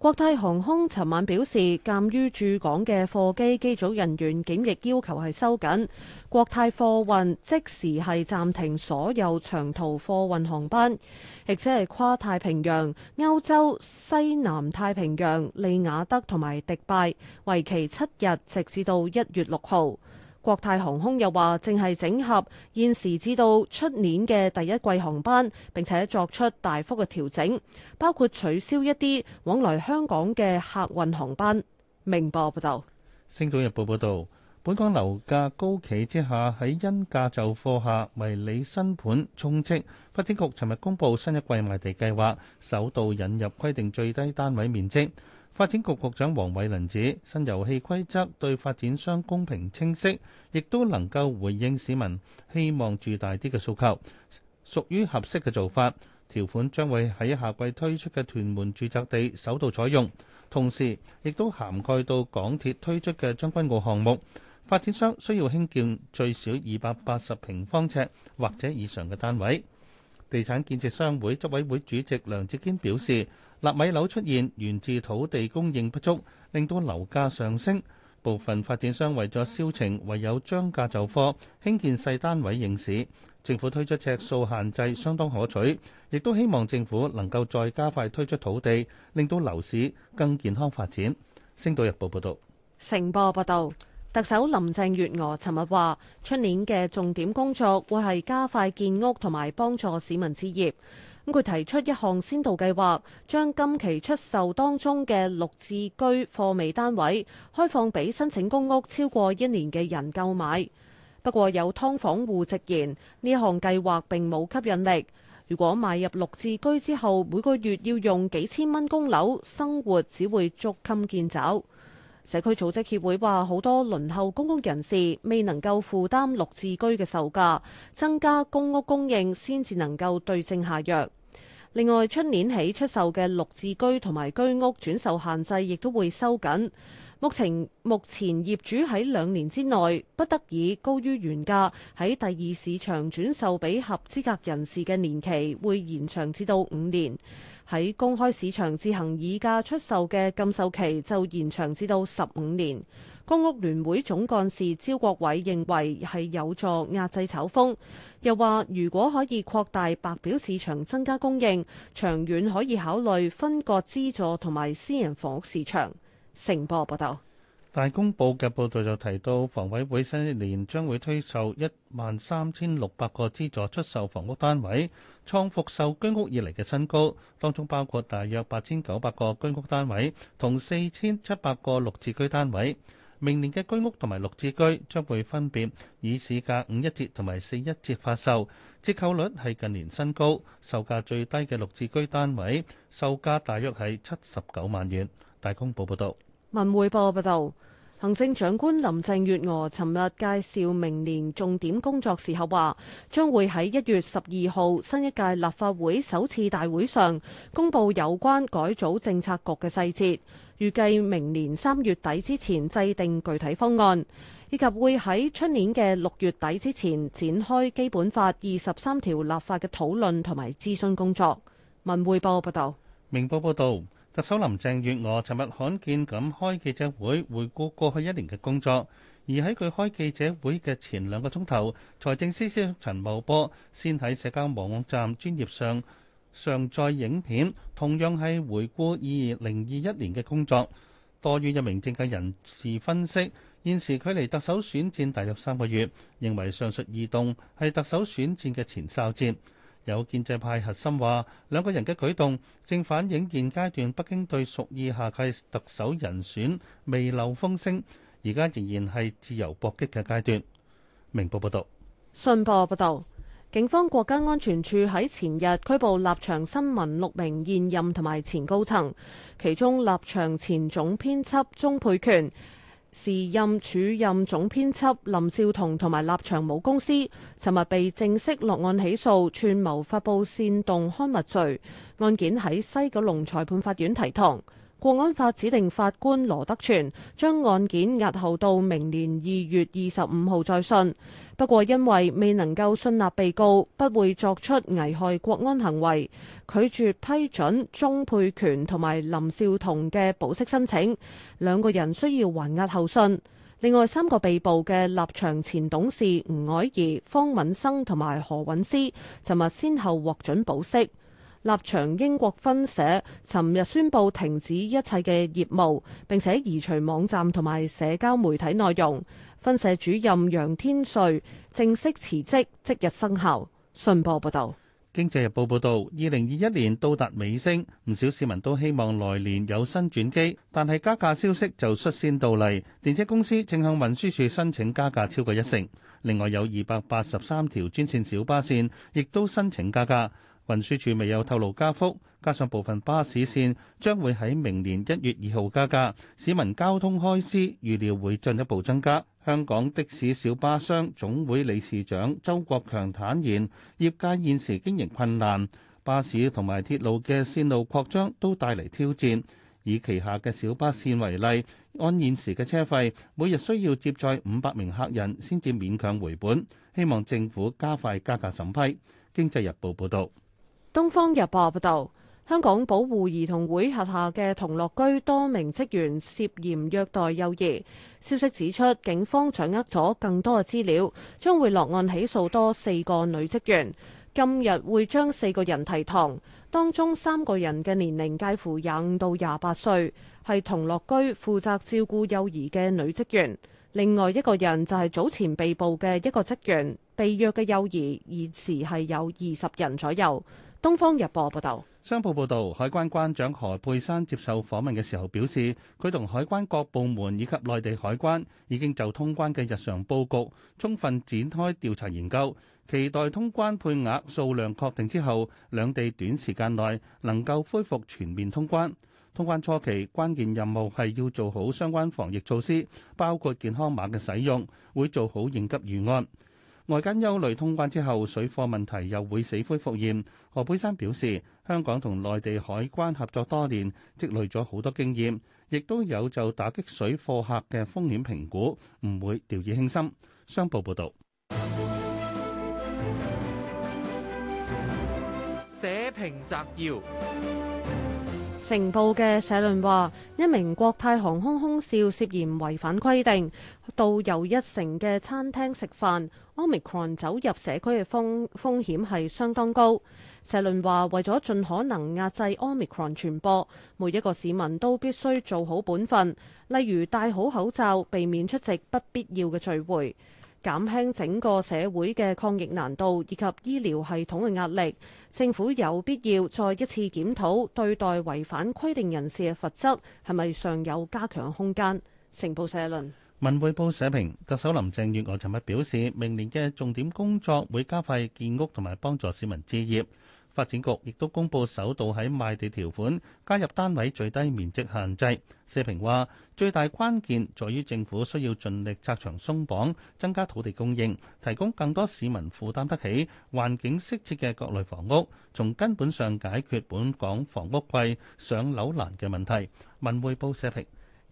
國泰航空尋晚表示，鑒於駐港嘅貨機機組人員檢疫要求係收緊，國泰貨運即時係暫停所有長途貨運航班，亦即係跨太平洋、歐洲、西南太平洋、利雅德同埋迪拜，為期七日，直至到一月六號。國泰航空又話正係整合現時至到出年嘅第一季航班，並且作出大幅嘅調整，包括取消一啲往來香港嘅客運航班。明報報道，星島日報報道，本港樓價高企之下，喺因價就貨下，迷你新盤充斥。發展局尋日公布新一季賣地計劃，首度引入規定最低單位面積。發展局局長黃偉綸指新遊戲規則對發展商公平清晰，亦都能夠回應市民希望住大啲嘅訴求，屬於合適嘅做法。條款將會喺夏季推出嘅屯門住宅地首度採用，同時亦都涵蓋到港鐵推出嘅將軍澳項目。發展商需要興建最少二百八十平方尺或者以上嘅單位。地產建設商會執委會主席梁志堅表示。納米樓出現，源自土地供應不足，令到樓價上升。部分發展商為咗銷情，唯有將價就貨，興建細單位應市。政府推出尺數限制，相當可取，亦都希望政府能夠再加快推出土地，令到樓市更健康發展。星島日報報道：「成報」報道：「特首林鄭月娥尋日話，出年嘅重點工作會係加快建屋同埋幫助市民置業。咁佢提出一項先導計劃，將今期出售當中嘅綠置居貨尾單位開放俾申請公屋超過一年嘅人購買。不過有劏房戶直言，呢項計劃並冇吸引力。如果買入綠置居之後，每個月要用幾千蚊供樓，生活只會捉襟見肘。社區組織協會話，好多輪候公屋人士未能夠負擔綠置居嘅售價，增加公屋供應先至能夠對症下藥。另外，春年起出售嘅綠置居同埋居屋轉售限制亦都會收緊。目前目前業主喺兩年之內不得以高於原價喺第二市場轉售俾合資格人士嘅年期會延長至到五年。喺公開市場自行議價出售嘅禁售期就延長至到十五年。公屋聯會總幹事招國偉認為係有助壓制炒風，又話如果可以擴大白表市場增加供應，長遠可以考慮分割資助同埋私人房屋市場。成波報道。大公報嘅報道就提到，房委會新一年將會推售一萬三千六百個資助出售房屋單位，創復售居屋以嚟嘅新高，當中包括大約八千九百個居屋單位同四千七百個綠置居單位。明年嘅居屋同埋綠置居將會分別以市價五一折同埋四一折發售，折扣率係近年新高。售價最低嘅綠置居單位售價大約係七十九萬元。大公報報道。文匯報報道，行政長官林鄭月娥尋日介紹明年重點工作時候話，將會喺一月十二號新一屆立法會首次大會上公布有關改組政策局嘅細節，預計明年三月底之前制定具體方案，以及會喺出年嘅六月底之前展開《基本法》二十三條立法嘅討論同埋諮詢工作。文匯報報道。明報報道。特首林鄭月娥尋日罕見咁開記者會，回顧過去一年嘅工作。而喺佢開記者會嘅前兩個鐘頭，財政司司長陳茂波先喺社交網站專業上上載影片，同樣係回顧二零二一年嘅工作。多於一名政界人士分析，現時距離特首選戰大約三個月，認為上述異動係特首選戰嘅前哨戰。有建制派核心話，兩個人嘅舉動正反映現階段北京對屬意下屆特首人選未漏風聲，而家仍然係自由搏擊嘅階段。明報報道，信報報道，警方國家安全處喺前日拘捕立場新聞六名現任同埋前高層，其中立場前總編輯鍾沛權。時任署任總編輯林少彤同埋立場母公司，尋日被正式落案起訴串謀發佈煽動刊物罪，案件喺西九龍裁判法院提堂。國安法指定法官羅德全將案件押後到明年二月二十五號再訊，不過因為未能夠信納被告不會作出危害國安行為，拒絕批准鍾沛權同埋林紹桐嘅保釋申請，兩個人需要還押候訊。另外三個被捕嘅立場前董事吳靄儀、方敏生同埋何韻詩，尋日先後獲准保釋。立場英國分社尋日宣布停止一切嘅業務，並且移除網站同埋社交媒體內容。分社主任楊天瑞正式辭職，即日生效。信報報道，《經濟日報》報道，二零二一年到達尾聲，唔少市民都希望來年有新轉機，但係加價消息就率先到嚟。電車公司正向運輸署申請加價超過一成，另外有二百八十三條專線小巴線亦都申請加價。運輸署未有透露加幅，加上部分巴士線將會喺明年一月二號加價，市民交通開支預料會進一步增加。香港的士小巴商總會理事長周國強坦言，業界現時經營困難，巴士同埋鐵路嘅線路擴張都帶嚟挑戰。以旗下嘅小巴線為例，按現時嘅車費，每日需要接載五百名客人先至勉強回本。希望政府加快加價審批。經濟日報報導。東方日報報道，香港保護兒童會轄下嘅同樂居多名職員涉嫌虐待幼兒。消息指出，警方掌握咗更多嘅資料，將會落案起訴多四個女職員。今日會將四個人提堂，當中三個人嘅年齡介乎廿五到廿八歲，係同樂居負責照顧幼兒嘅女職員。另外一個人就係早前被捕嘅一個職員。被虐嘅幼兒現時係有二十人左右。東方日報報道，商報報道，海關關長何佩珊接受訪問嘅時候表示，佢同海關各部門以及內地海關已經就通關嘅日常佈局充分展開調查研究，期待通關配額數量確定之後，兩地短時間內能夠恢復全面通關。通關初期關鍵任務係要做好相關防疫措施，包括健康碼嘅使用，會做好應急預案。外間憂慮通關之後，水貨問題又會死灰復現。何佩珊表示，香港同內地海關合作多年，積累咗好多經驗，亦都有就打擊水貨客嘅風險評估，唔會掉以輕心。商報報道，社評摘要：成報嘅社論話，一名國泰航空空少涉嫌違反規定，到又一城嘅餐廳食飯。Omicron 走入社區嘅風風險係相當高。社論話：為咗盡可能壓制 Omicron 傳播，每一個市民都必須做好本分，例如戴好口罩，避免出席不必要嘅聚會，減輕整個社會嘅抗疫難度以及醫療系統嘅壓力。政府有必要再一次檢討對待違反規定人士嘅罰則係咪尚有加強空間？成報社論。文匯報社評，特首林鄭月娥尋日表示，明年嘅重點工作會加快建屋同埋幫助市民置業。發展局亦都公布首度喺賣地條款加入單位最低面積限制。社評話，最大關鍵在於政府需要盡力拆牆鬆綁，增加土地供應，提供更多市民負擔得起、環境適切嘅各類房屋，從根本上解決本港房屋貴、上樓難嘅問題。文匯報社評。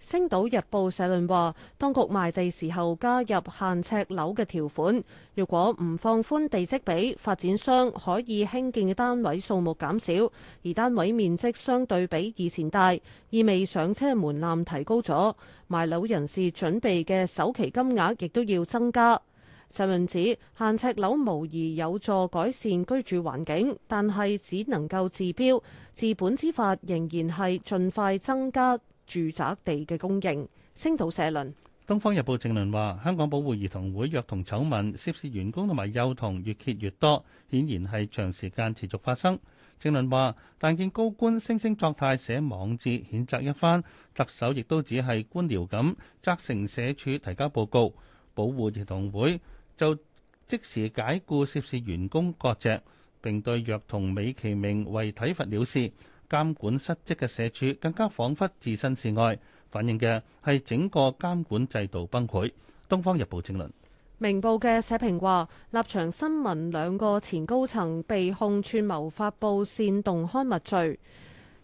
《星島日報》社論話，當局賣地時候加入限尺樓嘅條款，如果唔放寬地積比，發展商可以興建嘅單位數目減少，而單位面積相對比以前大，意味上車門檻提高咗，買樓人士準備嘅首期金額亦都要增加。社論指，限尺樓無疑有助改善居住環境，但係只能夠治標，治本之法仍然係盡快增加。住宅地嘅供應。星島社論：《東方日報》正論話，香港保護兒童會虐童醜聞涉事員工同埋幼童越揭越多，顯然係長時間持續發生。正論話，但見高官惺惺作態寫網誌譴責一番，特首亦都只係官僚咁責成社署提交報告，保護兒童會就即時解僱涉事員工割席，並對虐童美其名為體罰了事。監管失職嘅社署更加彷彿置身事外，反映嘅係整個監管制度崩潰。《東方日報》正論，《明報》嘅社評話：立場新聞兩個前高層被控串謀發布煽動刊物罪。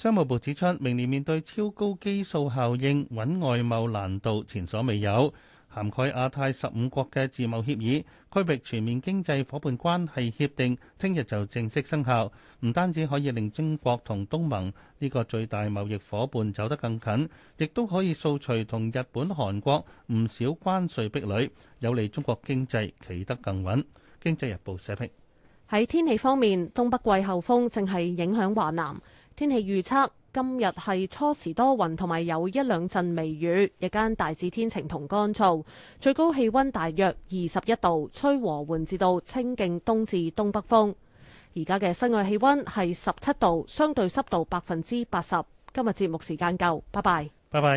商務部指出，明年面對超高基數效應，穩外貿難度前所未有。涵蓋亞太十五國嘅自貿協議區域全面經濟夥伴關係協定，聽日就正式生效。唔單止可以令中國同東盟呢個最大貿易夥伴走得更近，亦都可以掃除同日本、韓國唔少關稅壁壘，有利中國經濟企得更穩。經濟日報社評。喺天氣方面，東北季候風淨係影響華南。天氣預測今日係初時多雲同埋有一兩陣微雨，日間大致天晴同乾燥，最高氣溫大約二十一度，吹和緩至到清勁東至東北風。而家嘅室外氣溫係十七度，相對濕度百分之八十。今日節目時間夠，拜拜。拜拜。